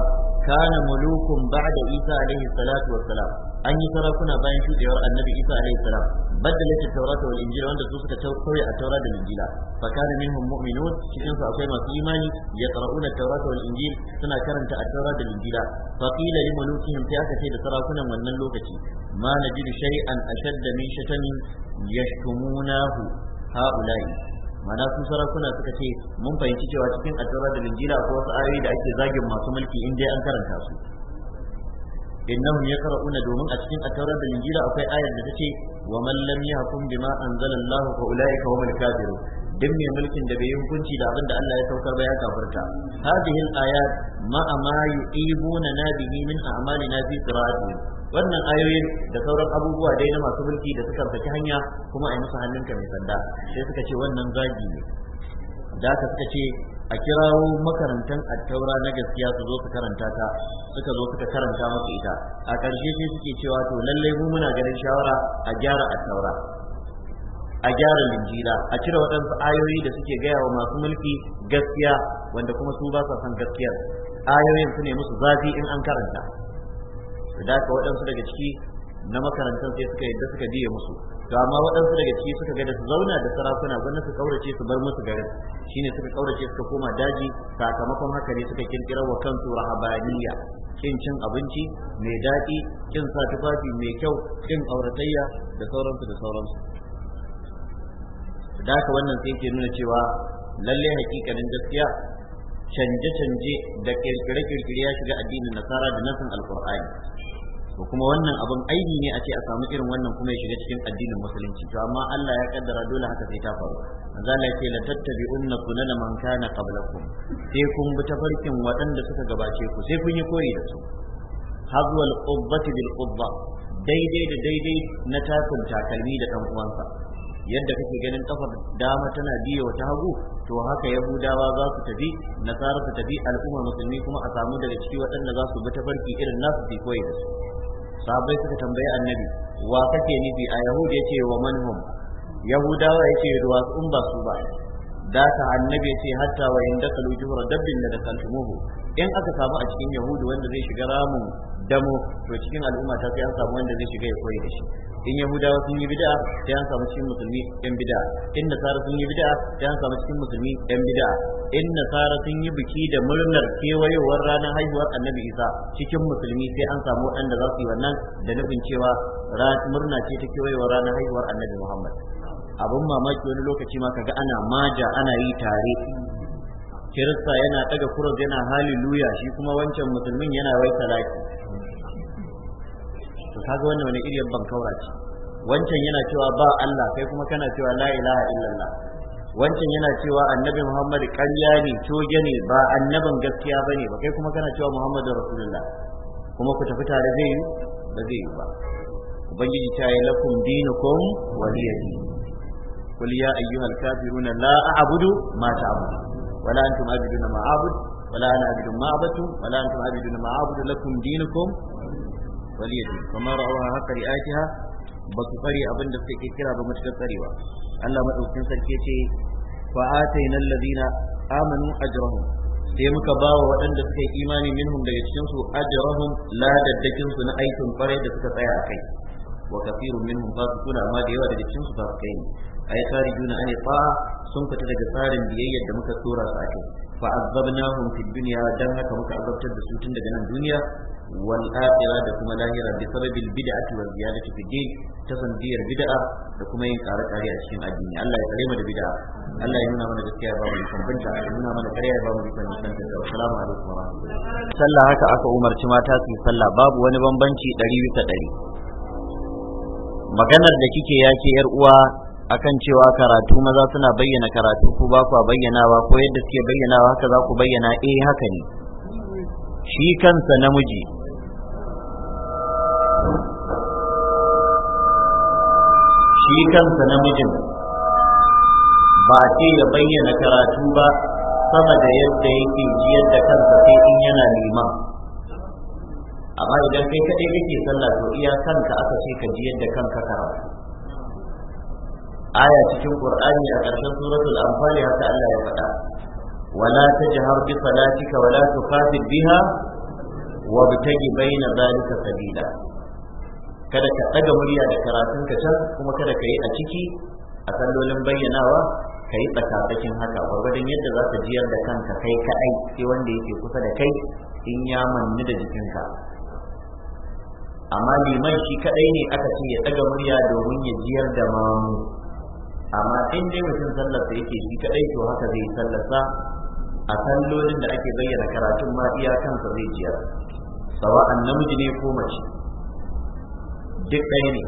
Speaker 1: kana mulukun ba'da Isa alaihi salatu wa salam an yi sarakuna bayan shudewar annabi Isa alaihi salam baddala ta taurata wal injila wanda su suka tauye a taura da injila fa kana minhum mu'minun su akwai masu imani ya qara'una taurata wal injil suna karanta a taura da injila fa qila li mulukihim aka ce da sarakunan wannan lokaci ma da shay'an ashadda min shatanin yashkumunahu ha'ula'i mana su sarakuna suka ce mun fahimci cewa cikin attaura da linjila ko wasu ayoyi da ake zagin masu mulki in dai an karanta su innahum yaqra'una domin a cikin attaura da linjila akwai ayar da tace wa man lam yahkum bima anzalallahu fa ulaika humul kafirun duk mai mulkin da bai hukunci da abin da Allah ya saukar ba ya kafirta hadhihi al-ayat ma'a ma yu'ibuna nabihi min a'malina fi qira'atihim wannan ayoyin da sauran abubuwa dai na masu mulki da suka saki hanya kuma a yi musu hannunka mai sanda sai suka ce wannan zagi ne da aka suka ce a kirawo makarantan attaura na gaskiya su zo su karanta ta suka zo suka karanta musu ita a ƙarshe sai suke cewa to lallai mu muna ganin shawara a gyara attaura a gyara linjila a cire waɗansu ayoyi da suke gaya wa masu mulki gaskiya wanda kuma su ba sa son gaskiyar ayoyin su ne musu zafi in an karanta da ka waɗansu daga ciki na makarantar sai suka yadda suka biye musu to amma waɗansu daga ciki suka ga da su zauna da sarakuna gwamnati su kaurace su bar musu garin shine suka kaurace suka koma daji sakamakon haka ne suka kirkira wa kansu rahabaniya kin cin abinci mai daɗi kin sa tufafi mai kyau kin auratayya da sauransu da sauransu da haka wannan sai ke nuna cewa lallai hakikanin gaskiya canje-canje da kirkire-kirkire ya shiga addinin nasara da nasin alkur'ani to kuma wannan abin aibi ne a ce a samu irin wannan kuma ya shiga cikin addinin musulunci to amma Allah ya kaddara dole haka sai ta faru manzo Allah yake la tattabi'unna sunana man kana qablakum sai kun bi tafarkin waɗanda suka gabace ku sai kun yi koyi da su hazwal qubbati bil qubba daidai da daidai na takun takalmi da dan uwansa yadda kake ganin kafar dama tana biye wa ta hagu to haka yahudawa za su tafi nasara su tafi al'ummar musulmi kuma a samu daga ciki waɗanda za su bi tafarki irin nasu su koyi da su sahabbai suka tambayi annabi wa kake nufi a yahudi yace wa manhum yahudawa yace ruwa in ba su ba da ka annabi yace hatta wa inda dakalu juhra dabbin da dakaltumuhu in aka samu a cikin yahudu wanda zai shiga ramin damo to cikin al'umma ta sai an samu wanda zai shiga ya koyi da shi in yahudawa sun yi bid'a sai an samu cikin musulmi yan bid'a in nasara sun yi bid'a sai an samu cikin musulmi yan bid'a in nasara sun yi biki da murnar kewayowar ranar haihuwar annabi isa cikin musulmi sai an samu waɗanda za su yi wannan da nufin cewa murna ce ta kewayowar ranar haihuwar annabi muhammad abin mamaki wani lokaci ma kaga ana maja ana yi tare kirista yana daga kuros yana haliluya shi kuma wancan musulmin yana wai talaki to kaga wannan wani irin bankaura ce wancan yana cewa ba Allah kai kuma kana cewa la ilaha illallah wancan yana cewa annabi Muhammad ƙarya ne coge ne ba annaban gaskiya bane ba kai kuma kana cewa Muhammadu Rasulullah kuma ku tafi tare zai yi ba zai yi ba ubangiji ta yi lakum dinukum waliya din qul ya ayyuhal kafiruna la a'budu ma ta'budu wala antum abiduna ma a'budu wala ana abidu ma abatu wala antum abiduna ma a'budu lakum dinukum waliyati kamar rawaha haka ri'atiha ba su tsare abin da suke kira ba matukar tsarewa Allah madaukakin sarki ce fa atayna allazina amanu ajrahum sai muka ba wa waɗanda suka yi imani minhum daga cikin su ajrahum ladaddakin su na aikin farai da suka tsaya a kai wa kafirun minhum fasiquna amma da yawa daga cikin su kai ne ay juna an ta'a sun fita daga tsarin biyayyar da muka tura su a kai fa azabnahum fid dunya dan haka muka azabtar da su tun daga nan duniya والآخرة akhirah da kuma بسبب bi والزيادة في الدين ziyadati fi din ta sanadiyar bid'a da kuma yin kare الله a cikin addini Allah ya kare يمنى من ya mana gaskiya ورحمة الله صلى الله عليه وسلم mana kare ba mu kan banta
Speaker 3: assalamu alaikum wa rahmatullahi
Speaker 1: sallah haka aka umarci mata suyi babu wani bambanci bisa maganar da kike yake yar uwa akan cewa karatu maza suna bayyana karatu ko ba ku bayyanawa ko yadda suke bayyanawa haka za ku bayyana eh haka ne shi kansa namiji shi kansa namijin ba ce ya bayyana karatu ba sama da yadda yake jiyar da kansa sai in yana nema amma idan kai kaɗai kake sallah to iya kanka aka ce ka ji yadda kanka karatu aya cikin qur'ani a ƙarshen suratul anfal ta Allah ya faɗa ولا تجهر بصلاتك ولا تخافت بها وابتغ بين ذلك سبيلا kada ka ɗaga murya da karatun ka can kuma kada ka yi a ciki a sallolin bayyanawa ka yi tsakatsakin haka gwargwadon yadda za ka jiyar da kanka kai kaɗai sai wanda yake kusa da kai in ya manni da jikinka amma liman shi kaɗai ne aka ce ya ɗaga murya domin ya jiyar da mamu amma in dai mutum sallarsa yake shi kaɗai to haka zai sallarsa a sallolin da ake bayyana karatun ma iya kansa zai jiyar an namiji ne ko mace duk ɗaya ne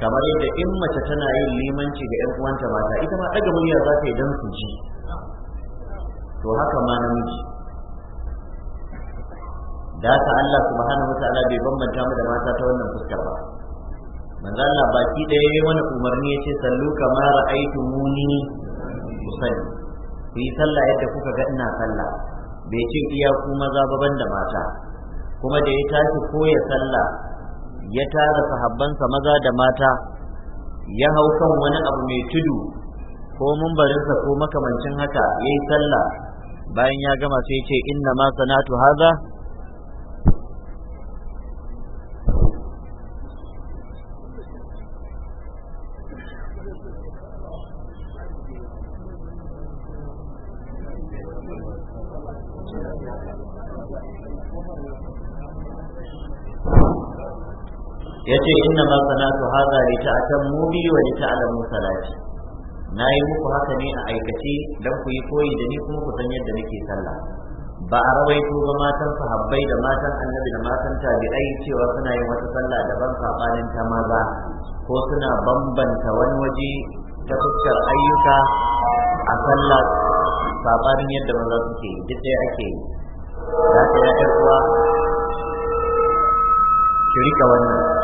Speaker 1: kamar yadda in mace tana yin limanci ga 'yan uwanta mata ita ma ɗaga murya za ta yi don su ji to haka ma namiji da ta Allah subhanahu wa ta'ala bai bambanta mu da mata ta wannan fuskar ba manzo Allah baki ɗaya yayi wani umarni yace sallu kama muni musalli ku yi sallah yadda kuka ga ina sallah bai ce iya ku maza baban da mata kuma da ya tashi ko ya sallah ya tara sahabbansa maza da mata ya hau kan wani abu mai tudu ko mumbarinsa ko makamancin haka ya yi sallah bayan ya gama sai ce inna ma sanatu haza Ya ce inna ma sanatu hadha li ta'tamu bi wa li ta'lamu salati nayi muku haka ne a aikace dan ku yi koyi da ni kuma ku san yadda nake sallah ba a rawaito ba matan sahabbai da matan annabi da matan tabi'ai cewa suna yin wata sallah daban sabanin ta maza ko suna bambanta wani waje ta fuskar ayyuka a sallah sabanin yadda maza suke yi duk dai ake yi za ta yi kuwa ki rika wannan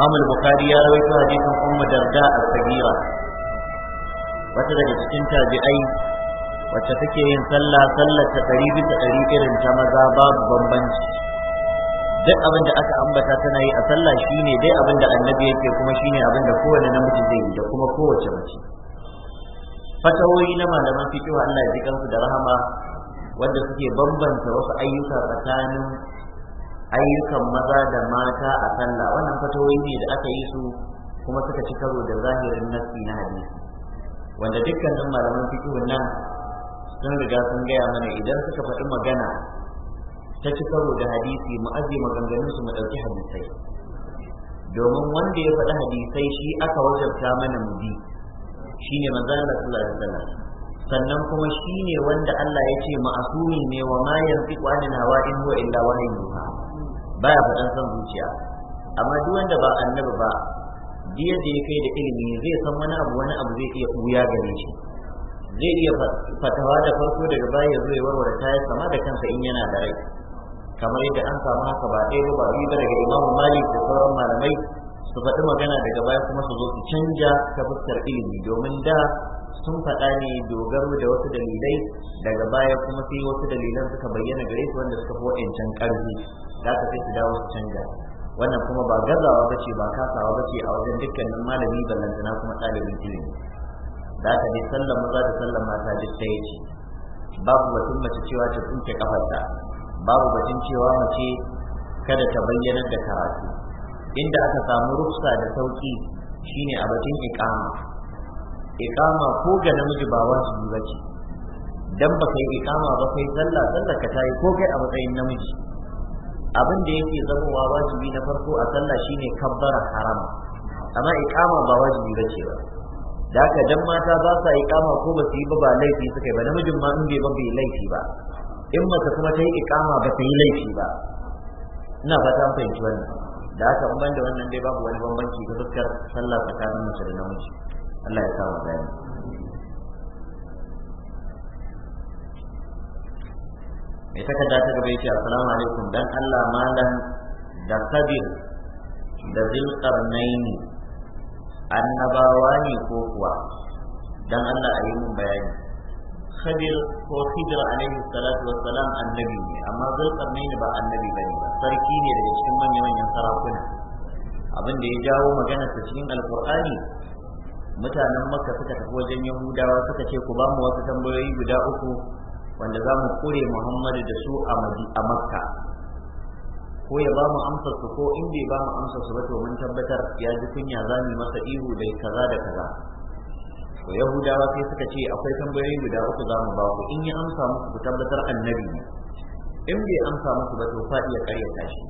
Speaker 1: imam al-bukhari ya rawaito hadisin ummu darda as-sagira wata daga cikin tabi'ai wacce take yin sallah sallar ta irin ta maza babu bambanci duk abin da aka ambata tana yi a sallah shine dai abin da annabi yake kuma shine abin da kowane namiji zai yi da kuma kowace mace fatawoyi na malaman fiqh Allah ya ji kansu da rahama wanda suke bambanta wasu ayyuka tsakanin ayyukan maza da mata a sallah wannan fatawoyi ne da aka yi su kuma suka ci karo da zahirin nassi na hadisi wanda dukkanin malaman fikihun nan sun riga sun gaya mana idan suka faɗi magana ta ci karo da hadisi mu aje maganganun su mu ɗauki hadisai domin wanda ya faɗi hadisai shi aka wajabta mana mu bi Shi ne maza Allah sallallahu alaihi wasallam sannan kuma shine wanda Allah ya ce ma'asumi ne wa ma yantiqu anil hawa in huwa illa wahyu yuha baya faɗan san zuciya amma duk wanda ba annabi ba biya da ya kai da ilimi zai san wani abu wani abu zai iya buya gare shi zai iya fatawa da farko daga baya ya zo ya warware ta yi sama da kansa in yana da rai kamar yadda an samu haka ba ɗaya ba biyu ba daga imamu malik da sauran malamai su faɗi magana daga baya kuma su zo su canja ta fuskar ilimi domin da sun faɗa ne dogaro da wasu dalilai daga baya kuma sai wasu dalilan suka bayyana gare su wanda suka fi waɗancan ƙarfi da ka sai su dawo su canja wannan kuma ba gazawa ba ce ba kasawa ba ce a wajen dukkanin malami ballantana kuma ɗalibin ilimi da ka dai sallan maza da sallan mata duk ɗaya ce babu batun mace cewa ta tsinke kafarta babu batun cewa mace kada ta bayyanar da karatu inda aka samu rufsa da sauki shine a batun iqama iqama ko ga namiji ba wajibi ce dan ba kai iqama ba kai sallah sallah ka tayi ko kai a matsayin namiji abin da yake zamowa wajibi na farko a sallah shine kabbara harama amma iqama ba wajibi bace ba da haka dan mata ba sa iqama ko ba su yi ba ba laifi suka yi ba namijin ma in bai ba bai laifi ba in mace kuma ta yi iqama ba ta yi laifi ba ina fata an fahimci wannan da haka in da wannan dai babu wani bambanci ga fuskar sallah tsakanin mace da namiji Allah ya sa mu gani mai takarda ta gaba yake assalamu alaikum dan Allah malam da kabir da zulkarnaini annabawa ne ko kuwa dan Allah a yi mun bayani Kabir ko khidr alaihi salatu wassalam annabi ne amma Naini ba annabi bane ba sarki ne daga cikin manyan manyan sarakuna abin da ya jawo magana ta cikin alqur'ani mutanen makka suka tafi wajen yahudawa suka ce ku ba mu wasu tambayoyi guda uku wanda za mu kure muhammadu da su a makka ko ya ba mu amsar su ko in bai ba mu amsar su ba to mun tabbatar ya ji kunya za mu masa ihu da kaza da kaza to yahudawa sai suka ce akwai tambayoyi guda uku za mu ba ku in ya amsa muku ku tabbatar annabi ne in bai amsa muku ba to fa iya karyata shi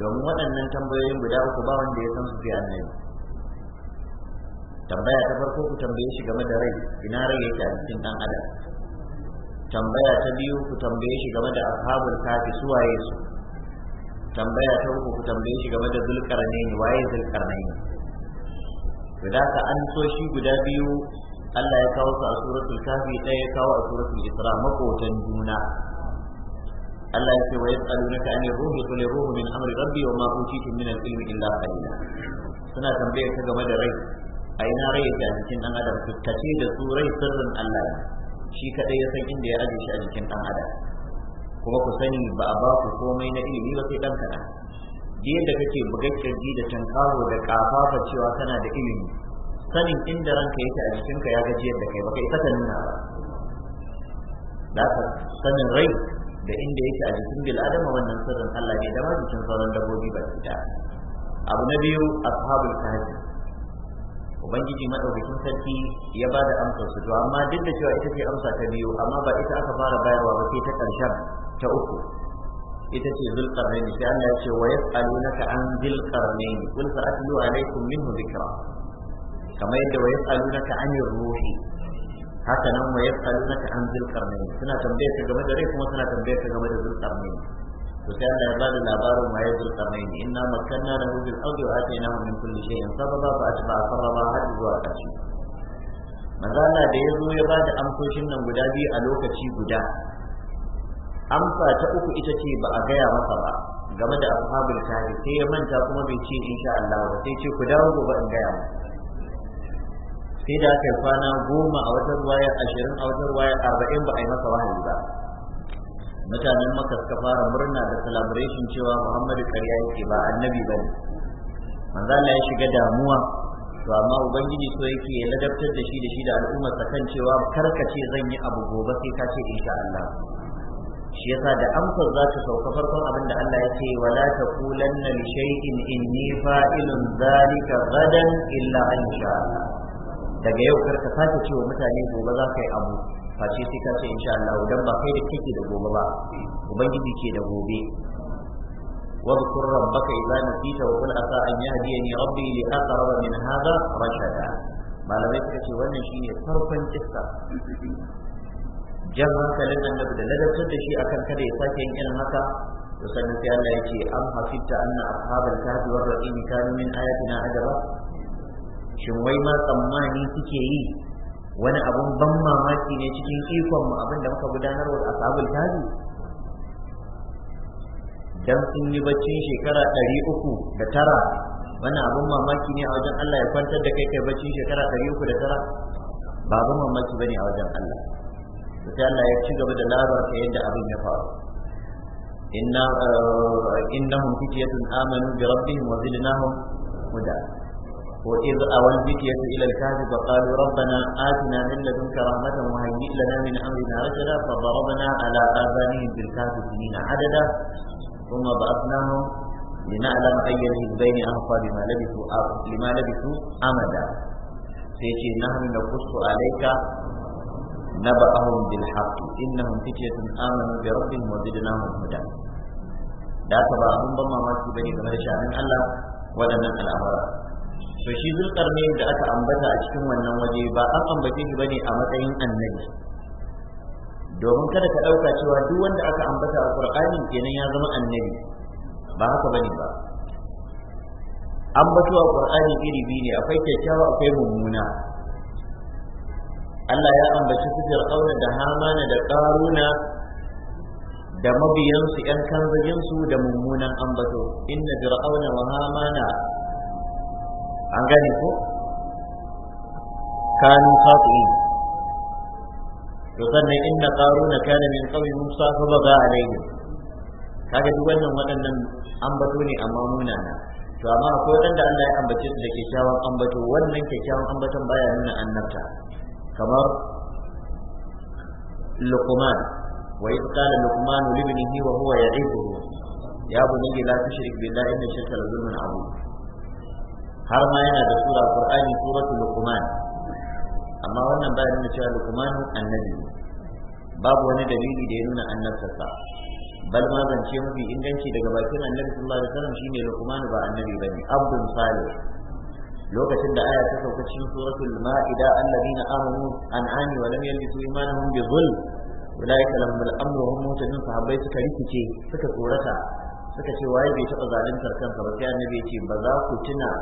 Speaker 1: domin waɗannan tambayoyin guda uku ba wanda ya san su sai annabi tambaya ta farko ku tambaye shi game da rai ina rai yake a cikin dan adam tambaya ta biyu ku tambaye shi game da ashabul kafi suwaye su tambaya ta uku ku tambaye shi game da zulkarnaini waye zulkarnaini to da ka an so shi guda biyu Allah ya kawo su a suratul kafi ɗaya ya kawo a suratul isra makotan juna Allah ya ce wa yas'alunaka anir ruhi qul ruhu min amri rabbi wa ma utitu min al-ilmi illa qalila suna tambaye ka game da rai a ina rai yake a jikin dan adam su da su rai sirrin Allah ne shi kadai ya san inda ya aje shi a jikin dan adam kuma ku sani ba a ba ku komai na ilimi ba sai dan kaɗan da yadda kake bugaccen ji da tankaro da kafafa cewa kana da ilimi sanin inda ranka yake a jikinka ya gajiyar da kai baka isa nuna ba da ka sanin rai da inda yake a jikin bil adam wannan sirrin Allah ne da ma jikin sauran dabbobi ba ita abu na biyu ashabul kahfi ubangiji madaukakin sarki ya ba da amsa su to amma duk da cewa ita ce amsa ta biyu amma ba ita aka fara bayarwa ba sai ta karshen ta uku ita ce zulqarnain sai Allah ya ce wa yas'alunaka an zulqarnain kul sa'atlu alaikum minhu dhikra kamar yadda wa yas'alunaka anir ruhi haka nan wa yas'alunaka an zulqarnain suna tambayar ka game da rai kuma suna tambayar ka game da zulqarnain وكان sai العبار ya ba da labarin waye zul qarnaini inna makkanna lahu fil ardi wa atainahu min kulli shay'in sababa fa atba'a sababa har zuwa ƙarshe manzo da ya zo ya ba da amsoshin nan guda biyu a lokaci guda ta uku ita ce ba a gaya ba game da ashabul kahfi sai ya manta kuma bai ce sha Allah ba sai ce ku dawo gobe in gaya sai da aka kwana goma a wata waya ashirin a wata waya arba'in ba a yi masa wahayi ba mutanen maka suka fara murna da celebration cewa muhammadu karya yake ba annabi ba ne ya shiga damuwa to amma ubangiji so yake ya ladabtar da shi da shi da al'ummar sa kan cewa karkace zan yi abu gobe sai ka ce insha Allah shi yasa da amsar za ta sauka farkon abin da Allah ya ce wala taqulanna li shay'in inni fa'ilun dhalika gadan illa insha Allah daga yau karka sake cewa mutane gobe za ka yi abu face sai ka ce insha Allah dan ba kai da kake da gobe ba ubangiji ke da gobe واذكر ربك إذا نسيت وقل عسى أن يهديني ربي لأقرب من هذا رشدا malamai suka ce wannan shine farkon kissa jan hankalin annabi da ladabtar da shi akan kada ya sake yin irin haka to sannan sai Allah ya ce am hafita anna ashabal kahfi war raqim kanu min ayatina ajaba shin wai ma tsammani suke yi wani abun ban mamaki ne cikin ikon mu abin da muka gudanar wa asabul tabi dan sun yi baccin shekara ɗari uku da tara wani abun mamaki ne a wajen Allah ya kwantar da kai kai baccin shekara ɗari uku da tara ba abin mamaki bane a wajen Allah sai Allah ya ci gaba da ta yadda abin ya faru إن eh, amanu bi rabbihim wa zidnahum huda وإذ أوى ذكية إلى الكهف فقالوا ربنا آتنا من لدنك رحمة وهيئ لنا من أمرنا رشدا فضربنا على آذانهم بالكهف سنين عددا ثم بعثناهم لنعلم أي الحزبين أنفى بما لبثوا لما لبثوا أمدا سيتي نحن نقص عليك نبأهم بالحق إنهم فتية آمنوا بربهم وزدناهم هدى لا تبعهم بما ما في بني bane من الله ولا من الأمراء to shi zulkarnain da aka ambata a cikin wannan waje ba an ambace shi bane a matsayin annabi domin kada ka dauka cewa duk wanda aka ambata a qur'ani kenan ya zama annabi ba haka bane ba ambato a qur'ani iri biyu ne akwai kyakkyawa akwai mummuna Allah ya ambaci su Fir'auna da Hamana da Karuna da mabiyansu ‘yan kanzajinsu da mummunan ambato, inna Fir'auna wa Hamana an gane ko kanu khati'i to sannan inna qaruna kana min qawmi musa fa baga alayhi kaga duk wannan waɗannan ambato ne amma nan. to amma akwai waɗanda Allah ya ambace su da kyakkyawan ambato wannan kyakkyawan ambaton baya nuna annabta kamar luqman wa idh qala luqman li ibnihi wa huwa ya'ibuhu ya bunayya la tushrik billahi inna shirka la zulmun 'azim har ma yana da sura qur'ani suratul luqman amma wannan bayan nuna cewa luqman annabi babu wani dalili da ya nuna annabtarsa bal ma zance mafi inganci daga bakin annabi sallallahu alaihi wasallam shine luqman ba annabi bane abdun salih lokacin da aya ta sauka cikin suratul ma'ida alladina amanu an'ami wa lam yalbisu imanuhum bi dhulm ulaika lahum al-amn wa hum muhtadun sahabbai suka rikice suka tsorata suka ce waye bai taba zaluntar kansa ba sai annabi ya ce ba za ku tuna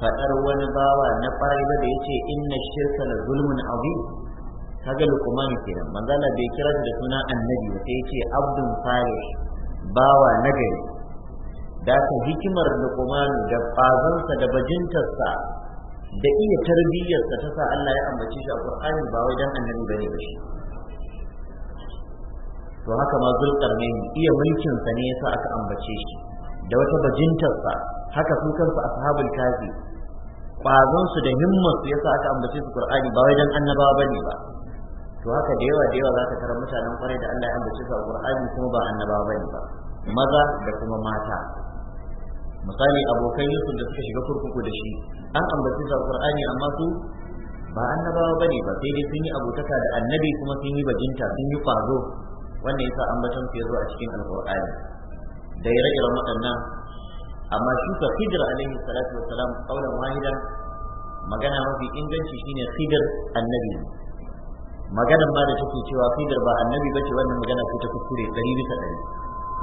Speaker 1: faɗar wani bawa na ƙwarai ba da ya ce inna shirka la zulmun azim kaga luqman kenan manzala bai kira shi da suna annabi ba sai ya ce abdun salih bawa nagari da ta hikimar luqman da bazansa da bajintarsa da iya tarbiyyarsa ta sa Allah ya ambace shi a Qur'ani ba wai dan annabi bane ba shi to haka ma ne iya mulkinsa sa ne yasa aka ambace shi da wata bajintarsa haka su kansu ashabul kafi kwazon su da himmar su yasa aka ambace su qur'ani ba wai dan annabawa bane ba to haka da yawa da yawa zaka tarar mutanen kwarai da Allah ya ambace su a qur'ani kuma ba annabawa bane ba maza da kuma mata misali abokan Yusuf da suka shiga kurkuku da shi an ambace su a qur'ani amma su ba annabawa bane ba sai dai sun yi abotaka da annabi kuma sun yi bajinta sun yi kwazo wannan yasa ambaton su ya zo a cikin alqur'ani da ire-iren waɗannan amma shi ka hijira alaihi salatu wa salam kaulan wahidan magana mafi inganci shine hijir annabi maganar ma da take cewa hijir ba annabi ba ce wannan magana ce ta kuskure ɗari bisa ɗari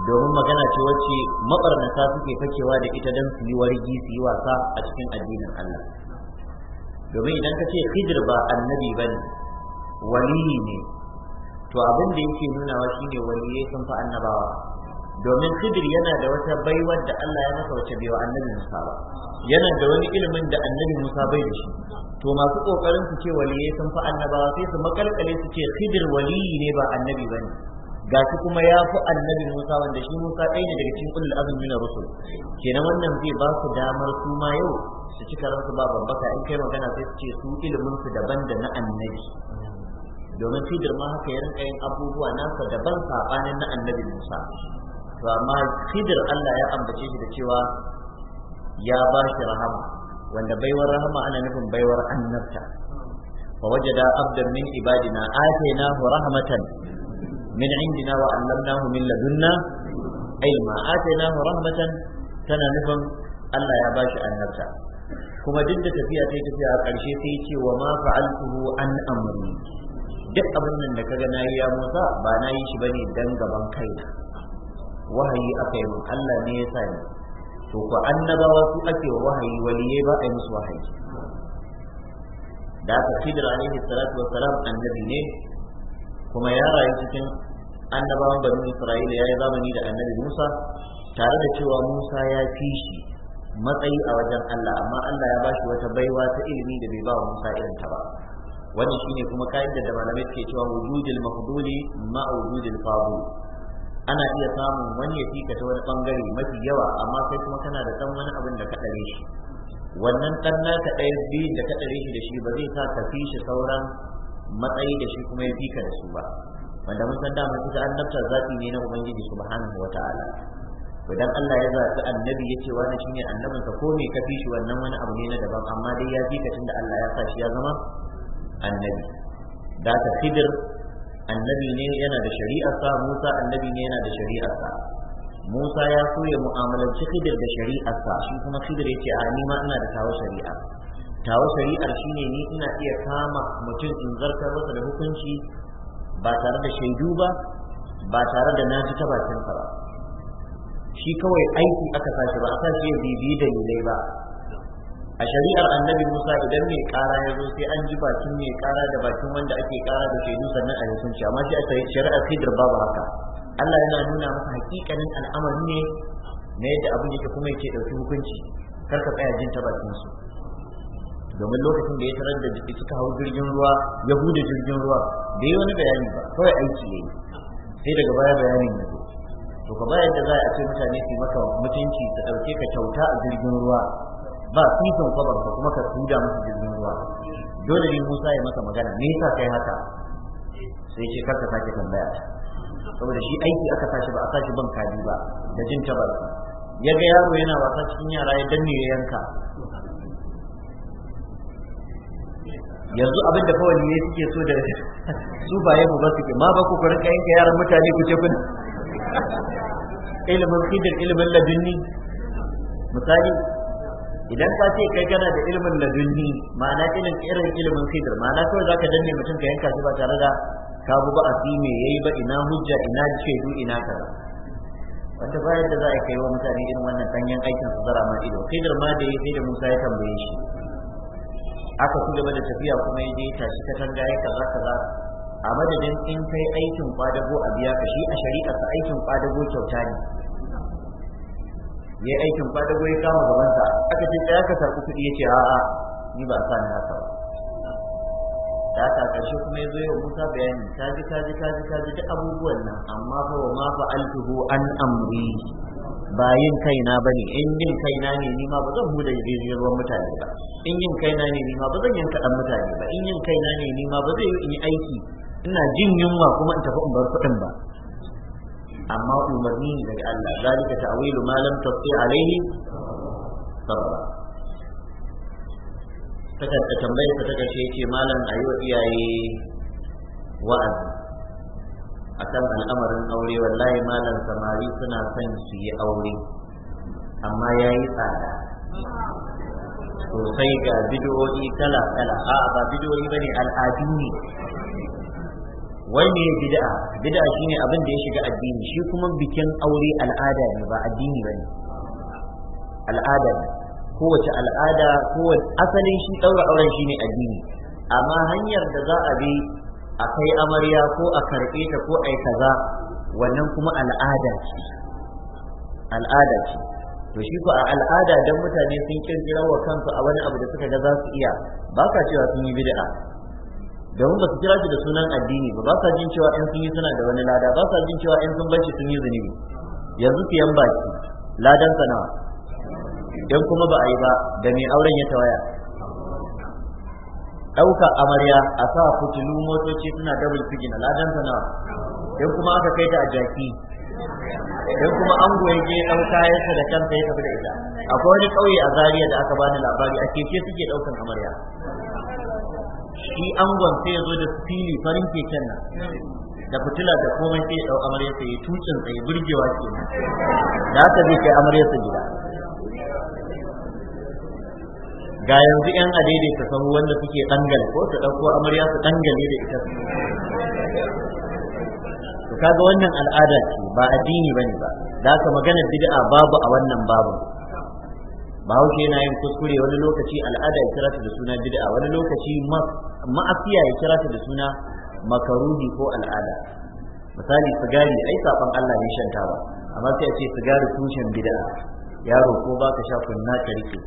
Speaker 1: domin magana ce wacce mabarnata suke fakewa da ita don su yi wargi su yi wasa a cikin addinin Allah domin idan ka ce fidir ba annabi ba ne waliyi ne to abin da yake nunawa shine waliyai sun fi annabawa domin khidir yana da wata baiwar da Allah ya masa wace baiwa annabi Musa ba yana da wani ilimin da annabi Musa bai da shi to masu kokarin su ce waliye sun fi annabawa sai su makalkale su ce khidir waliyi ne ba annabi bane shi kuma ya fi annabi Musa wanda shi Musa ɗaya ne daga cikin kullu azumi na rusul kenan wannan zai ba su damar su ma yau su cika ransu ba babbaka in kai magana sai su ce su ilimin su daban da na annabi domin khidir ma haka ya rinka yin abubuwa nasa daban sabanin na annabi Musa to amma khidir Allah ya ambace shi da cewa ya ba shi rahama wanda baiwar rahama ana nufin baiwar annabta fa wajada abdan min ibadina atainahu rahmatan min indina wa allamnahu min ladunna ilma atainahu rahmatan tana nufin Allah ya ba shi annabta kuma duk da tafiya ta tafiya a ƙarshe sai ce wa ma fa'altuhu an amri duk abin nan da kaga nayi ya Musa ba nayi shi bane dan gaban kaina wahayi aka yi mun Allah ne ya sa ni to annabawa su ake wa wahayi waliye ba a yi musu wahayi da aka Khidir alaihi salatu wassalam annabi ne kuma ya rayu cikin annabawan da Isra'ila ya yi zamani da annabi Musa tare da cewa Musa ya fi shi matsayi a wajen Allah amma Allah ya bashi wata baiwa ta ilimi da bai ba wa Musa irin ta ba wannan shine kuma kayanda da malamai ke cewa wujudul mafduli ma wujudul fadul
Speaker 2: ana iya samun wani ya fika ta wani bangare mafi yawa amma sai kuma kana da ɗan wani abin da ka
Speaker 1: dare shi wannan ɗan naka ɗaya biyu da ka dare shi da shi ba zai sa ka fi shi sauran matsayi da shi kuma ya fika da su ba wanda mun san dama ita annabta zaɓi ne na ubangiji subhanahu wataala to Allah ya zaɓi annabi ya ce wani shine annabin ka ko me ka fi shi wannan wani abu ne na daban amma dai ya fika tunda Allah ya sa shi ya zama annabi da ta khidir annabi ne yana da shari'arsa Musa annabi ne yana da shari'arsa Musa ya so ya mu'amalanci Khidir da shari'arsa shi kuma Khidir ce a ni ma ina da tawo shari'a tawo shari'ar shine ni ina iya kama mutum in zartar masa da hukunci ba tare da shaidu ba ba tare da naji ta bakin ba shi kawai aiki aka sashi ba a sashi ya bibi dalilai ba a shari'ar annabi Musa idan mai kara ya zo sai an ji bakin mai kara da bakin wanda ake kara da shaidu sannan a shi amma shi a shari'ar Khidr babu haka Allah yana nuna masa hakikanin al'amari ne na yadda abin yake kuma yake dauki hukunci kar ka tsaya jin ta bakin su domin lokacin da ya tarar da jiki suka hau jirgin ruwa ya bude jirgin ruwa da yi wani bayani ba kawai aiki ya sai daga baya bayanin ya zo to ka bayar da za a ce mutane su maka mutunci su ɗauke ka kyauta a jirgin ruwa ba sisin kwabar ba kuma ka tuda musu jirgin ruwa dole ne Musa ya masa magana me yasa kai haka sai ce karka sake tambaya saboda shi aiki aka tashi ba a tashi ban kaji ba da jin tabar ya ga yaro yana wasa cikin yara ya danne ya yanka yanzu abin da kawai ne suke so da su ba yamma ba suke ma ba ku ku rinka yanka yaran mutane ku tafi ilimin hidin ilimin ladunni misali idan ka ce kai kana da ilimin ladunni ma'ana irin irin ilimin sidr ma'ana kawai zaka danne mutum ka yanka shi ba tare da ka bu ba me yayi ba ina hujja ina shaidu ina kaza wanda bayan da za a kai wa mutane irin wannan danyen aikin su zara ma ido sidr ma da yayi sai da Musa ya tambaye shi aka ci gaba da tafiya kuma ya je tashi tanga ya kaza kaza a madadin in kai aikin kwadago a biya ka shi a shari'ar aikin kwadago kyauta ne ya aikin kwadago ya kama gabansa aka ce tsaya ka karɓi kuɗi ya ce a'a ni ba a sa ni haka ba da aka shi kuma ya zo yau musa bayani ji, ta ji, ta ji, abubuwan nan amma fa wa ma fa alfihu an amri ba yin kaina ba ne in yin kaina ne ni ma ba zan huda ruwan mutane ba in yin kaina ne ni ma ba zan yanka ɗan mutane ba in yin kaina ne ni ma ba zai yi aiki ina jin yunwa kuma in tafi in bar kuɗin ba أما أمرني لك ألا ذلك تأويل ما لم تستطيع عليه صبرا فكرت تنبيه فتك شيئتي ما لم أيوة إياي وأد أتم الأمر الأولي والله ما لم تماري سنة سنسي أولي أما ياي فعلا sosai ga bidiyoyi kala kala a ba bidiyoyi bane al'adu ne wai me bid'a bid'a shine abin da ya shiga addini shi kuma bikin aure al'ada ne ba addini bane al'ada ne kowace al'ada kowace asalin shi daura auren shine addini amma hanyar da za a bi a kai amarya ko a karɓe ta ko a yi kaza wannan kuma al'ada ce al'ada ce to shi ko a al'ada dan mutane sun kirkira wa kansu a wani abu da suka ga za su iya ba ka cewa sun yi bid'a domin ba su kira shi da sunan addini ba ba sa jin cewa in sun yi suna da wani lada ba sa jin cewa in sun bar shi sun yi zunubi yanzu yan baki ladan nawa idan kuma ba a yi ba da mai auren ya tawaya dauka amarya a sa fitilu motoci suna double sigina ladan nawa idan kuma aka kai ta a jaki idan kuma an goye dauka ya da kanta ya tafi da ita akwai wani kauye a Zariya da aka bani labari a keke suke daukan amarya
Speaker 3: shi angon sai
Speaker 1: ya zo da fili farin keken nan da fitila da komai sai ya dau amaryarsa ya tucin sai burgewa nan da haka zai kai amaryarsa gida ga yanzu yan adaidai ta san wanda suke dangal ko ta dauko amarya su dangale da ita to kaga wannan al'ada ce ba addini bane ba da haka magana bid'a babu a wannan babu wuce yana yin kuskure wani lokaci al'ada ya kira da suna bid'a wani lokaci ma'asiya ya kira da suna makaruhi ko al'ada misali sigari ai saban Allah ne shan taba amma sai a ce sigari tushen bid'a yaro ko baka sha kunna ka rike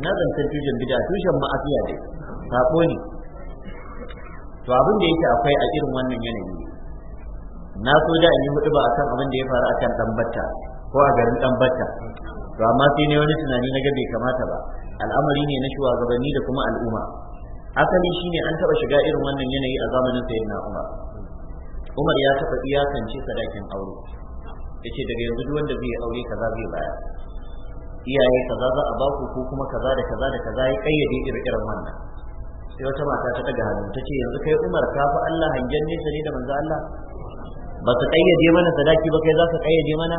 Speaker 1: ina zantar tushen bid'a tushen ma'asiya dai sako ne to abin da yake akwai a irin wannan yanayi na so da in yi hudu ba akan abin da ya faru akan dan batta ko a garin dan batta to amma sai ne wani tunani na ga bai kamata ba al'amari ne na shugabanni da kuma al'umma asali shine an taba shiga irin wannan yanayi a zamanin sayyidina Umar Umar ya taba iyakance sadakin aure yace daga yanzu duk wanda zai aure kaza zai baya iyaye kaza za a baku ko kuma kaza da kaza da kaza ya kayyade irin wannan sai wata mata ta daga hannu ta ce yanzu kai Umar ka fi Allah hangen nesa ne da manzo Allah ba ka kayyade mana sadaki ba kai za ka kayyade mana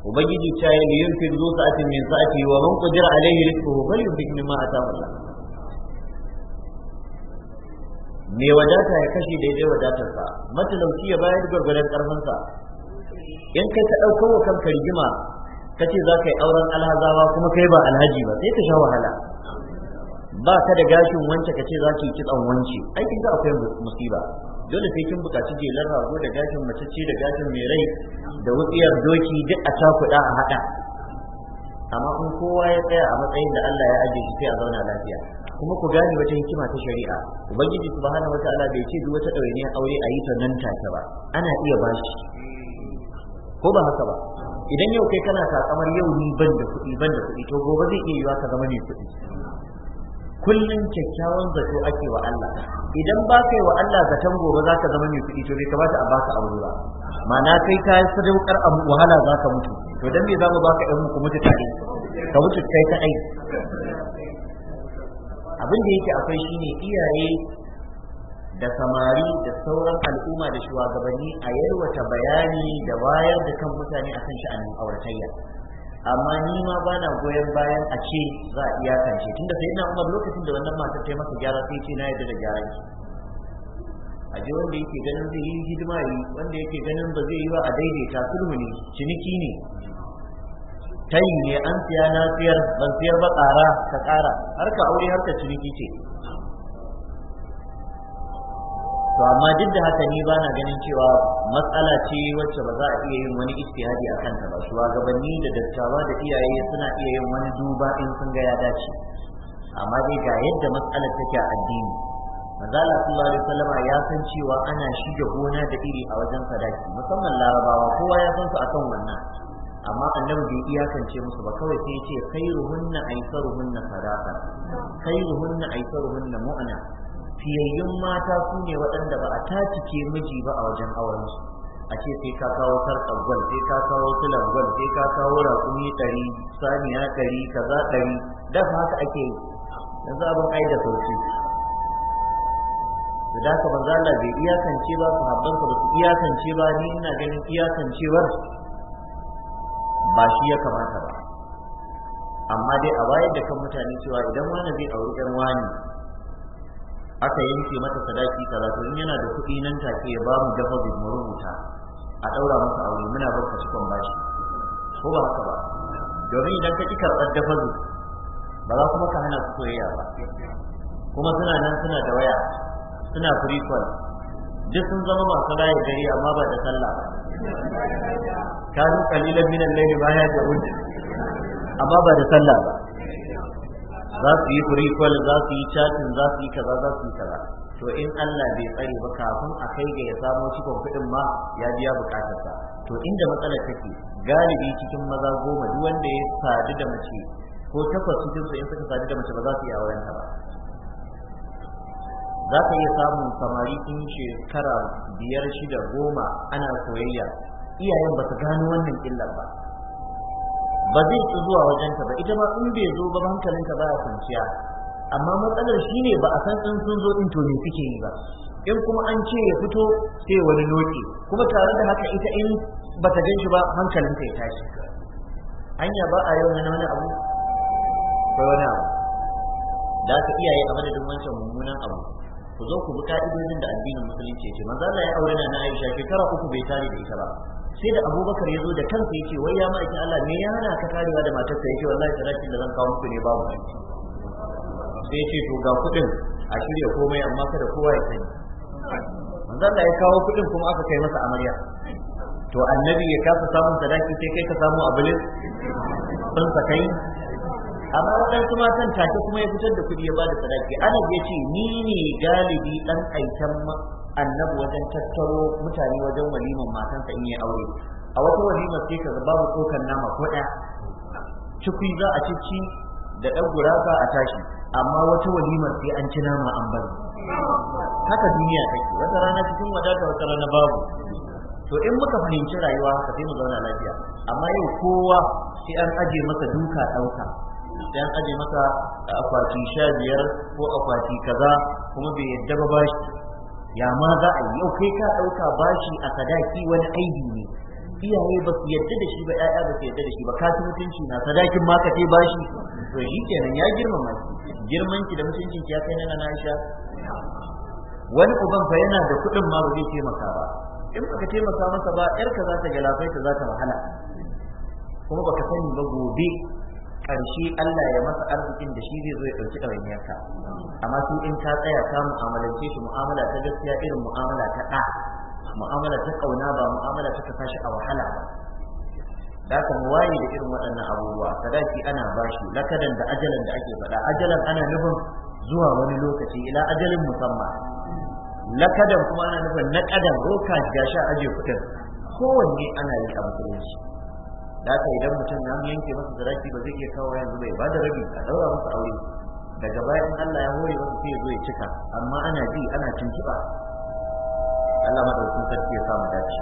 Speaker 1: ubangiji ta yi liyun fi zu sa'atin min sa'ati wa man qadira alaihi rizquhu falyunfiq mimma ataahu Allah me wadata ya kashi daidai wadatarsa matalauci ya bayar gwargwadon karfinsa in kai ka wa kanka rigima ka ce za ka yi auren alhazawa kuma kai ba alhaji ba sai ka sha wahala ba ka da gashin wance ka ce za ki kitsan wance aikin da akwai musiba dole sai kin bukaci jelar rago da gashin mace ce da gashin mai rai da wutsiyar doki duk a cakuɗa a haɗa amma in kowa ya tsaya a matsayin da Allah ya ajiye shi sai a zauna lafiya kuma ku gane wata hikima ta shari'a ubangiji subhanahu wataala bai ce duk wata ɗawainiyar aure a yi ta nan take ba ana iya bashi ko ba haka ba idan yau kai kana takamar yau ni ban da kuɗi ban da kuɗi to gobe zai iya yiwa ka zama mai kuɗi kullum kyakkyawan zato ake wa Allah idan ba kai wa Allah zaton gobe zaka zama mai kuɗi to bai kamata a baka aure ba mana kai ka yi sadaukar wahala zaka mutu to dan me zamu baka ɗan ku mutu tare ka mutu kai ai abin da yake akwai shine iyaye da samari da sauran al'umma da shugabanni a yarwata bayani da wayar da kan mutane akan sha'anin auratayya amma ni ma bana goyon bayan a ce za a iyakance tunda sai ina umar lokacin da wannan matar ta masa gyara sai ce na yadda da gyaran ki a je wanda yake ganin zai yi hidima yi wanda yake ganin ba zai yi ba a daidaita sulhu ne ciniki ne tayi ne an siya na siyar ban siyar ba ƙara ka ƙara harka aure harka ciniki ce to amma duk da haka ni ba na ganin cewa matsala ce wacce ba za a iya yin wani ijtihadi a kanta ba shugabanni da dattawa da iyaye suna iya yin wani duba in sun ga ya dace amma dai ga yadda matsalar take a addini manzala sallallahu alaihi wasallama ya san cewa ana shiga gona da iri a wajen sadaki musamman larabawa kowa ya san su akan wannan amma annabi bai iyakance musu ba kawai sai ya ce khairuhunna aisaruhunna sadaqa khairuhunna aisaruhunna mu'ana fiyayyun mata su ne waɗanda ba a cike miji ba a wajen su, a ce sai ka kawo sarƙar gwal sai ka kawo sulan sai ka kawo raƙumi ɗari saniya ɗari kaza ɗari da haka ake yi yanzu abin ai da sauki da daga banza Allah bai iyakance ba su habban ba su iyakance ba ni ina ganin iyakancewar ba shi ya kamata ba amma dai a wayar da kan mutane cewa idan wani zai auri ɗan wani aka yanke mata sadaki kaza in yana da kuɗi nan take ya ba mu dafa mu rubuta a ɗaura masa aure muna bar ka cikon bashi ko ba haka ba domin idan ka ƙi karɓar dafa ba za kuma ka hana su soyayya ba kuma suna nan suna da waya suna free duk sun zama masu raye gari amma ba da sallah ba
Speaker 3: kanu kalilan
Speaker 1: minan laili baya da wuce amma ba da sallah ba za su yi free za su yi chatin za su yi kaza za su yi kaza to in Allah bai tsare ba kafin a kai ga ya samu cikon kuɗin ma ya biya bukatarsa to inda matsalar take galibi cikin maza goma duk wanda ya sadu da mace ko takwas cikin su in suka sadu da mace ba za su yi auren ta ba za ka iya samun samari sun shekara biyar shida goma ana soyayya iyayen ba su gano wannan illar ba ba zai ci zuwa wajenta ba ita ma in bai zo ba hankalinka baya kwanciya amma matsalar shi ne ba a san in sun zo in to me suke yi ba in kuma an ce ya fito sai wani loki kuma tare da haka ita in bata gan shi ba hankalinka ya tashi hanya ba a yau na wani abu ba wani abu da aka iyaye a madadin wancan mummunan abu ku zo ku bi ka'idojin da addinin musulunci ya ce manzo Allah ya aure na Aisha shekara uku bai tare da ita ba sai da abubakar ya zo da kansa ya ce wai ya ma'aikin Allah me ya hana ka tarewa da matarsa ya ce wallahi sadakin da zan kawo muku ne babu sai ce to ga kuɗin a shirya komai amma kada kowa ya sani manzon da ya kawo kuɗin kuma aka kai masa amarya to annabi ya kasa samun sadaki sai kai ka samu abulin sun kai? amma kuma matan take kuma ya fitar da kuɗi ya bada sadaki ana ya ce ni ne galibi ɗan aikan annabi wajen tattaro mutane wajen waliman matansa in yi aure a wata walimar sai kaga babu tsokan nama ko ɗaya cikwi za a cici da ɗan a tashi amma wata walimar sai an ci nama an bari haka duniya take wata rana cikin wadata wata rana babu to in muka fahimci rayuwa haka sai mu zauna lafiya amma yau kowa sai an aje masa duka ɗauka sai an aje masa akwati sha biyar ko akwati kaza kuma bai yadda ba bashi ya ma za a yi. yau kai ka ɗauka bashi a sadaki wani aibi ne iyaye ba su yarda da shi ba ƴaƴa ba su yarda da shi ba kasu mutunci na sadakin ma ka bashi to shi kenan ya girmama girman ki da mutuncin ki ya kai na Aisha wani uban fa yana da kuɗin ma ba zai taimaka ba in baka taimaka masa ba yarka za ta galafaita za ta wahala kuma baka sani ba gobe ƙarshe Allah ya masa arzikin da shi zai zo ya ɗauki ɗawainiyarka amma su in ka tsaya ka mu'amalance shi mu'amala ta gaskiya irin mu'amala ta ɗa mu'amala ta ƙauna ba mu'amala ta kasa shi a wahala ba da ka mu waye da irin waɗannan abubuwa sadaki ana bashi lakadan da ajalan da ake faɗa ajalan ana nufin zuwa wani lokaci ila ajalin musamman lakadan kuma ana nufin na ƙadan roka gashi a aje kuɗin kowanne ana yi a musulunci da haka idan mutum ya yanke masa zaraki ba zai iya kawo yanzu bai ba da rabi a daura masa aure daga baya bayan Allah ya hore masa sai ya zo ya cika amma ana ji ana tuntuɓa Allah madaukakin sarki ya samu dace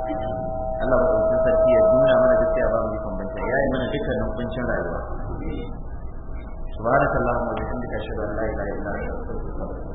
Speaker 1: Allah madaukakin sarki ya nuna mana gaskiya ba mu ikon banta ya yi mana dukkanin kuncin rayuwa subhanakallahumma wa bihamdika ashhadu an la ilaha illa anta astaghfiruka wa atubu